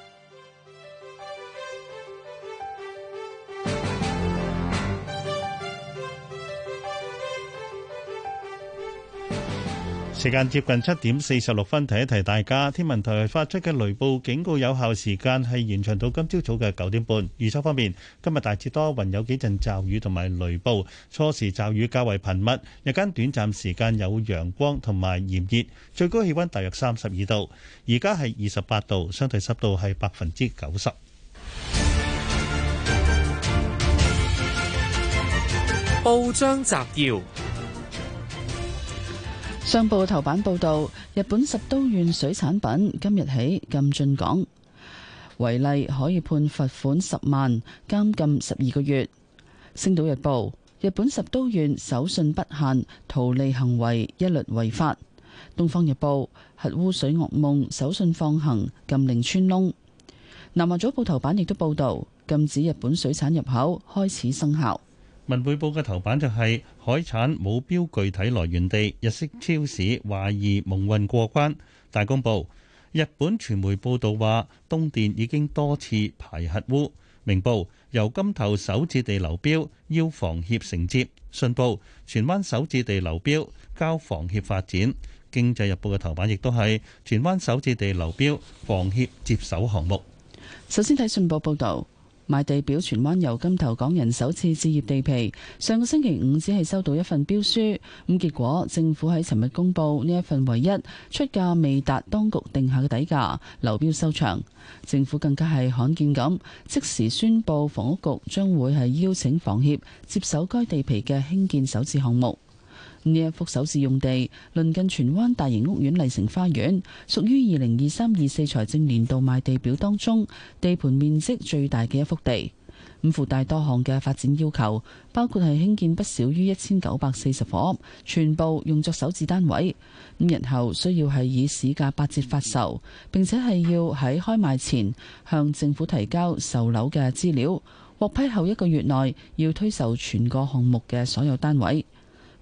時間接近七點四十六分，提一提大家，天文台發出嘅雷暴警告有效時間係延長到今朝早嘅九點半。預測方面，今日大致多雲，有幾陣驟雨同埋雷暴，初時驟雨較為頻密，日間短暫時間有陽光同埋炎熱，最高氣溫大約三十二度。而家係二十八度，相對濕度係百分之九十。報章摘要。商報頭版報導，日本十都縣水產品今日起禁進港，違例可以判罰款十萬，監禁十二個月。星島日報，日本十都縣手信不限圖利行為一律違法。東方日報，核污水噩夢手信放行禁令穿窿。南華早報頭版亦都報導，禁止日本水產入口開始生效。文匯報嘅頭版就係海產冇標具體來源地，日式超市懷疑蒙混過關。大公報日本傳媒報道話，東電已經多次排核污。明報由金頭首置地流標，要房協承接。信報荃灣首置地流標，交房協發展。經濟日報嘅頭版亦都係荃灣首置地流標，房協接手項目。首先睇信報報道。賣地表荃灣油金頭港人首次置業地皮，上個星期五只係收到一份標書，咁結果政府喺尋日公布呢一份唯一出價未達當局定下嘅底價，流標收場。政府更加係罕見咁即時宣布房屋局將會係邀請房協接手該地皮嘅興建首次項目。呢一幅首置用地鄰近荃灣大型屋苑麗城花園，屬於二零二三二四財政年度賣地表當中地盤面積最大嘅一幅地。咁附帶多項嘅發展要求，包括係興建不少於一千九百四十伙，全部用作首置單位。五日後需要係以市價八折發售，並且係要喺開賣前向政府提交售樓嘅資料，獲批後一個月內要推售全個項目嘅所有單位。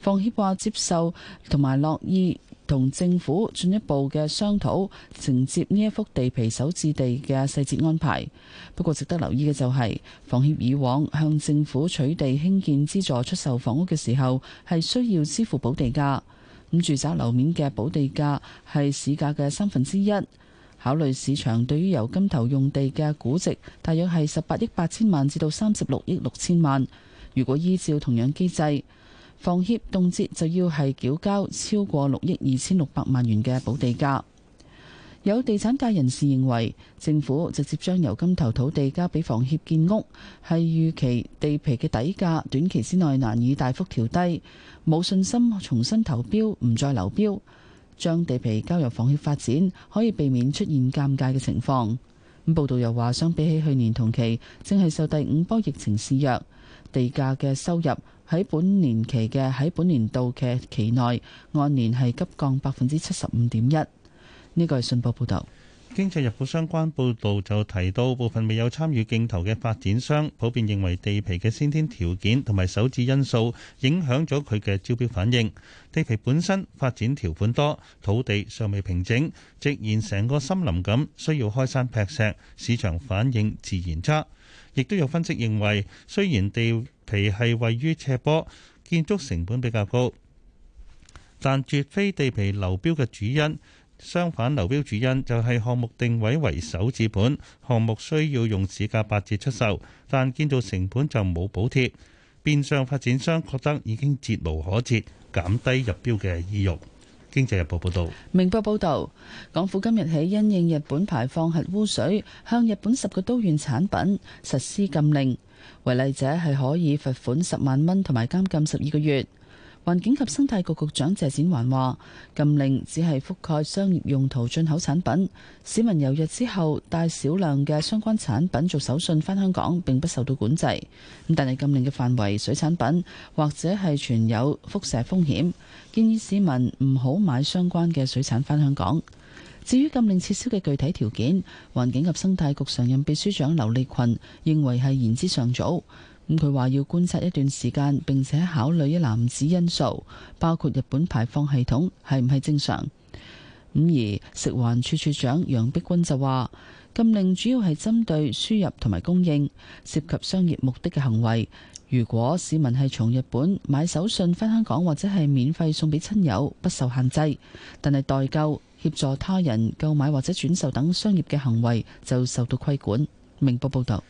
房協話接受同埋樂意同政府進一步嘅商討，承接呢一幅地皮首置地嘅細節安排。不過，值得留意嘅就係、是、房協以往向政府取地興建資助出售房屋嘅時候，係需要支付補地價。咁住宅樓面嘅補地價係市價嘅三分之一。考慮市場對於由金頭用地嘅估值，大約係十八億八千萬至到三十六億六千萬。如果依照同樣機制，房協動節就要係繳交超過六億二千六百萬元嘅補地價。有地產界人士認為，政府直接將油金頭土地交俾房協建屋，係預期地皮嘅底價短期之內難以大幅調低，冇信心重新投標，唔再流標，將地皮交由房協發展，可以避免出現尷尬嘅情況。咁報道又話，相比起去年同期，正係受第五波疫情肆虐。地價嘅收入喺本年期嘅喺本年度嘅期內，按年係急降百分之七十五點一。呢個係信報報道。經濟日報相關報導就提到，部分未有參與競投嘅發展商普遍認為，地皮嘅先天條件同埋手指因素影響咗佢嘅招標反應。地皮本身發展條款多，土地尚未平整，直然成個森林咁，需要開山劈石，市場反應自然差。亦都有分析認為，雖然地皮係位於斜坡，建築成本比較高，但絕非地皮流標嘅主因。相反，流標主因就係項目定位為首置盤，項目需要用市價八折出售，但建造成本就冇補貼。變相發展商覺得已經折無可折，減低入標嘅意欲。經濟日報報道，明報報道，港府今日起因應日本排放核污水，向日本十個都縣產品實施禁令，違例者係可以罰款十萬蚊，同埋監禁十二個月。環境及生態局局長謝展寰話：禁令只係覆蓋商業用途進口產品，市民遊日之後帶少量嘅相關產品做手信返香港，並不受到管制。咁但係禁令嘅範圍，水產品或者係存有輻射風險，建議市民唔好買相關嘅水產返香港。至於禁令撤銷嘅具體條件，環境及生態局常任秘書長劉利群認為係言之尚早。咁佢話要觀察一段時間，並且考慮一男子因素，包括日本排放系統係唔係正常。咁而食環署署長楊碧君就話禁令主要係針對輸入同埋供應涉及商業目的嘅行為。如果市民係從日本買手信返香港或者係免費送俾親友，不受限制。但係代購、協助他人購買或者轉售等商業嘅行為就受到規管。明報報道。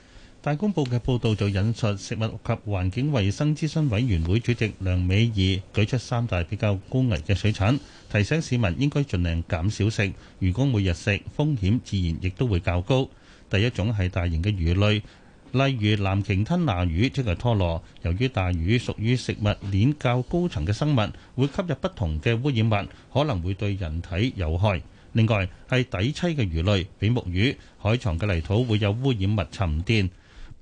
大公報嘅報導就引述食物及環境衞生諮詢委員會主席梁美儀，舉出三大比較高危嘅水產，提醒市民應該盡量減少食。如果每日食，風險自然亦都會較高。第一種係大型嘅魚類，例如藍鰭吞拿魚，即係拖羅。由於大魚屬於食物鏈較高層嘅生物，會吸入不同嘅污染物，可能會對人體有害。另外係底棲嘅魚類，比目魚、海床嘅泥土會有污染物沉澱。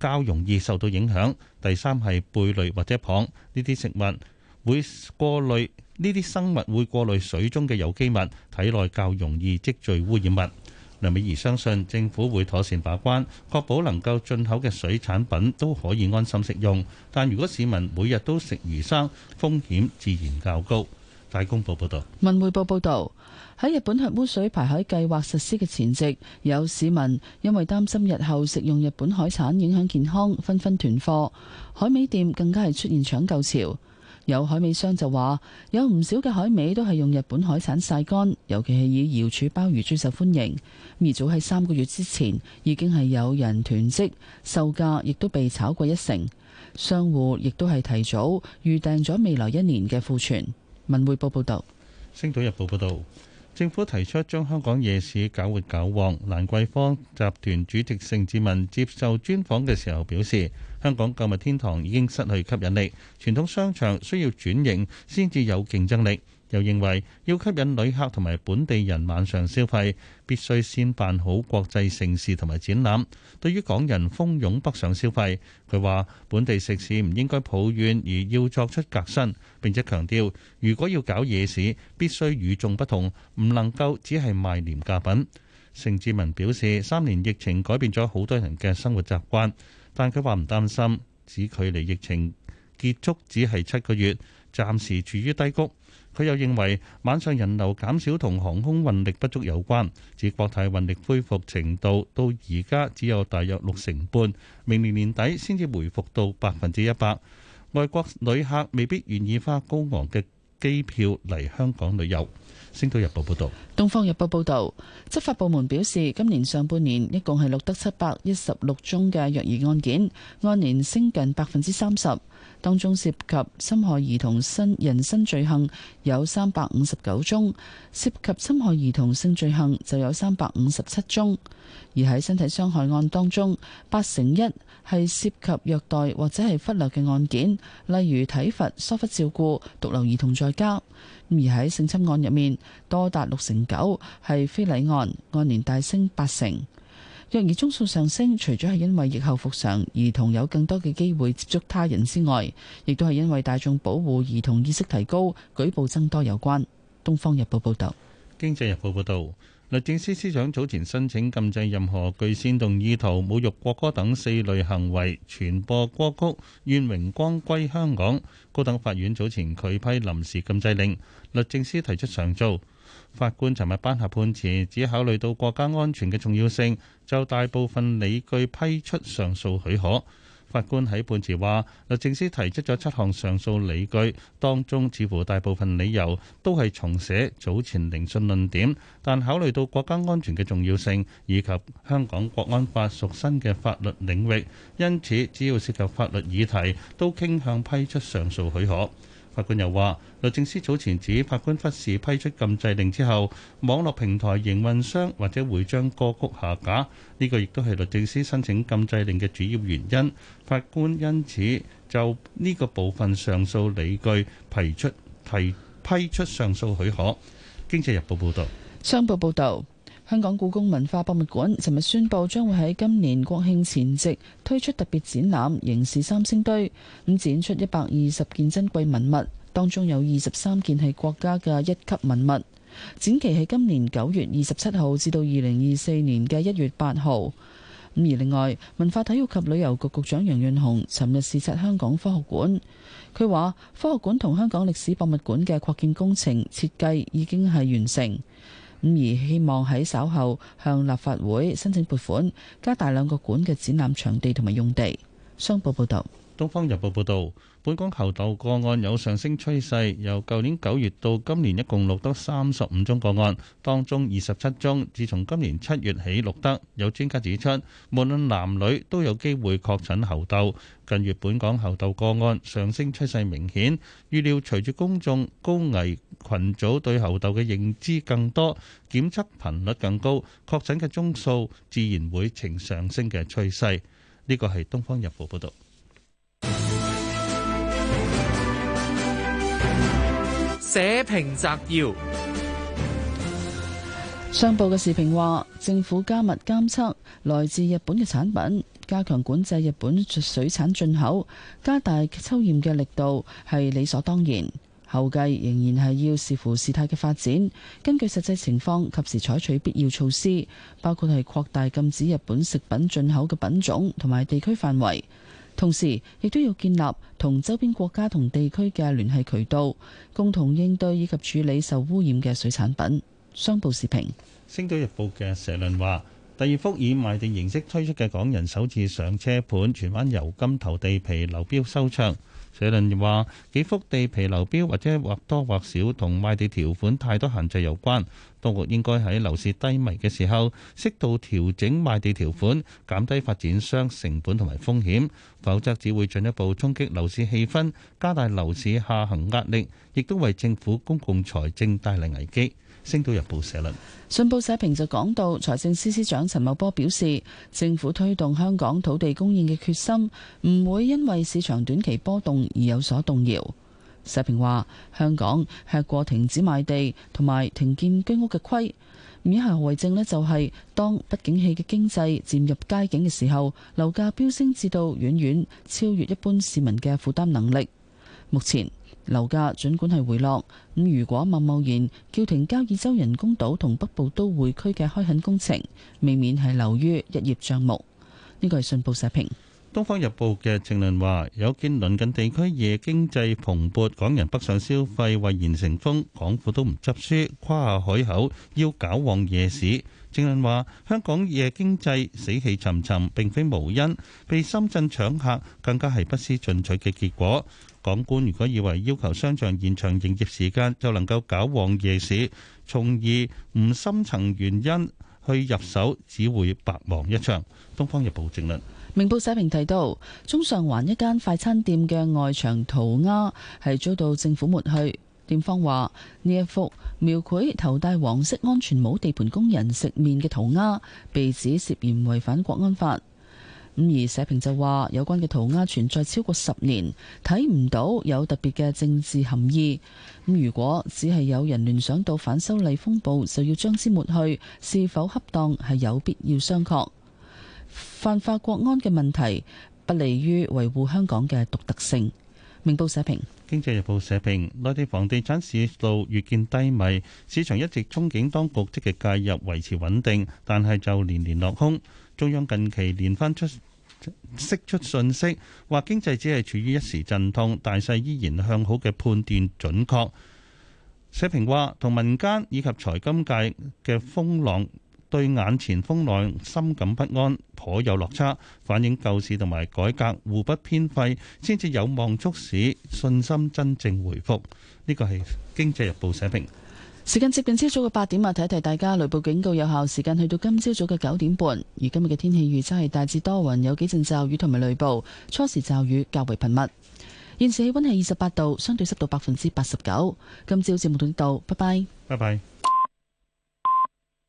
較容易受到影響。第三係貝類或者蚌，呢啲食物會過濾呢啲生物會過濾水中嘅有機物，體內較容易積聚污染物。梁美儀相信政府會妥善把關，確保能夠進口嘅水產品都可以安心食用。但如果市民每日都食魚生，風險自然較高。大公報報道，文匯報報道，喺日本核污水排海計劃實施嘅前夕，有市民因為擔心日後食用日本海產影響健康，紛紛囤貨。海味店更加係出現搶購潮。有海味商就話，有唔少嘅海味都係用日本海產曬乾，尤其係以瑤柱鮑魚最受歡迎。而早喺三個月之前，已經係有人囤積，售價亦都被炒過一成。商戶亦都係提早預訂咗未來一年嘅庫存。文匯報報道，星島日報報道，政府提出將香港夜市搞活搞旺。蘭桂坊集團主席盛智文接受專訪嘅時候表示，香港購物天堂已經失去吸引力，傳統商場需要轉型先至有競爭力。又認為要吸引旅客同埋本地人晚上消費，必須先辦好國際盛事同埋展覽。對於港人蜂擁北上消費，佢話本地食肆唔應該抱怨，而要作出革新。並且強調，如果要搞夜市，必須與眾不同，唔能夠只係賣廉價品。盛智文表示，三年疫情改變咗好多人嘅生活習慣，但佢話唔擔心，指距離疫情結束只係七個月，暫時處於低谷。佢又認為晚上人流減少同航空運力不足有關，指國泰運力恢復程度到而家只有大約六成半，明年年底先至回復到百分之一百。外國旅客未必願意花高昂嘅機票嚟香港旅遊。星島日報報道。東方日報報道，執法部門表示，今年上半年一共係錄得七百一十六宗嘅虐兒案件，按年升近百分之三十。當中涉及侵害兒童身人身罪行，有三百五十九宗，涉及侵害兒童性罪行就有三百五十七宗。而喺身體傷害案當中，八成一係涉及虐待或者係忽略嘅案件，例如體罰、疏忽照顧、獨留兒童在家。而喺性侵案入面，多達六成九係非禮案，按年大升八成。虐兒宗數上升，除咗係因為疫後復常，兒童有更多嘅機會接觸他人之外，亦都係因為大眾保護兒童意識提高、舉報增多有關。《東方日報》報道。《經濟日報》報道，律政司司長早前申請禁制任何具煽動意圖侮辱國歌等四類行為傳播歌曲《願榮光歸香港》。高等法院早前拒批臨時禁制令，律政司提出上訴。法官尋日頒下判詞，只考慮到國家安全嘅重要性，就大部分理據批出上訴許可。法官喺判詞話，律政司提出咗七項上訴理據，當中似乎大部分理由都係重寫早前聆訊論點，但考慮到國家安全嘅重要性以及香港國安法屬新嘅法律領域，因此只要涉及法律議題，都傾向批出上訴許可。法官又話，律政司早前指法官忽視批出禁制令之後，網絡平台營運商或者會將歌曲下架，呢個亦都係律政司申請禁制令嘅主要原因。法官因此就呢個部分上訴理據，出提出提批出上訴許可。經濟日報報道。商報報導。香港故宮文化博物館尋日宣布，將會喺今年國慶前夕推出特別展覽《凝視三星堆》，咁展出一百二十件珍貴文物，當中有二十三件係國家嘅一級文物。展期係今年九月二十七號至到二零二四年嘅一月八號。咁而另外，文化體育及旅遊局局長楊潤雄尋日視察香港科學館，佢話科學館同香港歷史博物館嘅擴建工程設計已經係完成。咁而希望喺稍後向立法會申請撥款，加大兩個館嘅展覽場地同埋用地。商報報導，《東方日報》報道，本港猴痘個案有上升趨勢，由舊年九月到今年一共錄得三十五宗個案，當中二十七宗自從今年七月起錄得。有專家指出，無論男女都有機會確診猴痘。近月本港猴痘個案上升趨勢明顯，預料隨住公眾高危。群組對猴痘嘅認知更多，檢測頻率更高，確診嘅宗數自然會呈上升嘅趨勢。呢個係東方日報報道。社評摘要，商報嘅時評話：政府加密監測來自日本嘅產品，加強管制日本水產進口，加大抽驗嘅力度，係理所當然。後繼仍然係要視乎事態嘅發展，根據實際情況，及時採取必要措施，包括係擴大禁止日本食品進口嘅品種同埋地區範圍。同時，亦都要建立同周邊國家同地區嘅聯繫渠道，共同應對以及處理受污染嘅水產品。商報視頻，《星島日報》嘅社論話：第二幅以賣地形式推出嘅港人首次上車盤，荃灣油金頭地皮流標收場。理論話：幾幅地皮流標，或者或多或少同賣地條款太多限制有關。當局應該喺樓市低迷嘅時候，適度調整賣地條款，減低發展商成本同埋風險，否則只會進一步衝擊樓市氣氛，加大樓市下行壓力，亦都為政府公共財政帶嚟危機。《星島日報》社論，信報社評就講到，財政司司長陳茂波表示，政府推動香港土地供應嘅決心唔會因為市場短期波動而有所動搖。社評話，香港吃過停止賣地同埋停建居屋嘅虧，以下為證呢，就係當不景氣嘅經濟漸入佳境嘅時候，樓價飆升至到遠遠超越一般市民嘅負擔能力。目前樓價儘管係回落，咁如果貿貿然叫停交椅洲人工島同北部都會區嘅開墾工程，未免係流於一葉障目。呢個係信報社評《東方日報》嘅正論話：有見鄰近地區夜經濟蓬勃，港人北上消費蔚然成風，港府都唔執輸，誇下海口要搞旺夜市。正論話：香港夜經濟死氣沉沉，並非無因，被深圳搶客更加係不思進取嘅結果。港官如果以為要求商場延長營業時間就能夠搞旺夜市，從而唔深層原因去入手，只會白忙一場。《東方日報》評論。明報社評提到，中上環一間快餐店嘅外牆塗鴉係遭到政府抹去，店方話呢一幅描繪頭戴黃色安全帽地盤工人食麵嘅塗鴉，被指涉嫌違反國安法。咁而社評就話，有關嘅塗鴉存在超過十年，睇唔到有特別嘅政治含義。咁如果只係有人聯想到反修例風暴，就要將之抹去，是否恰當係有必要商榷。泛化國安嘅問題，不利於維護香港嘅獨特性。明報社評。經濟日報社評，內地房地產市道越見低迷，市場一直憧憬當局積極介入維持穩定，但係就年年落空。中央近期連番出釋出信息，話經濟只係處於一時陣痛，大勢依然向好嘅判斷準確。社評話，同民間以及財金界嘅風浪，對眼前風浪深感不安，頗有落差，反映救市同埋改革互不偏廢，先至有望促使信心真正回復。呢個係《經濟日報》社評。時間接近朝早嘅八點啊，提一提大家，雷暴警告有效時間去到今朝早嘅九點半。而今日嘅天氣預測係大致多雲，有幾陣驟雨同埋雷暴，初時驟雨較為頻密。現時氣溫係二十八度，相對濕度百分之八十九。今朝節目到呢度，拜拜，拜拜。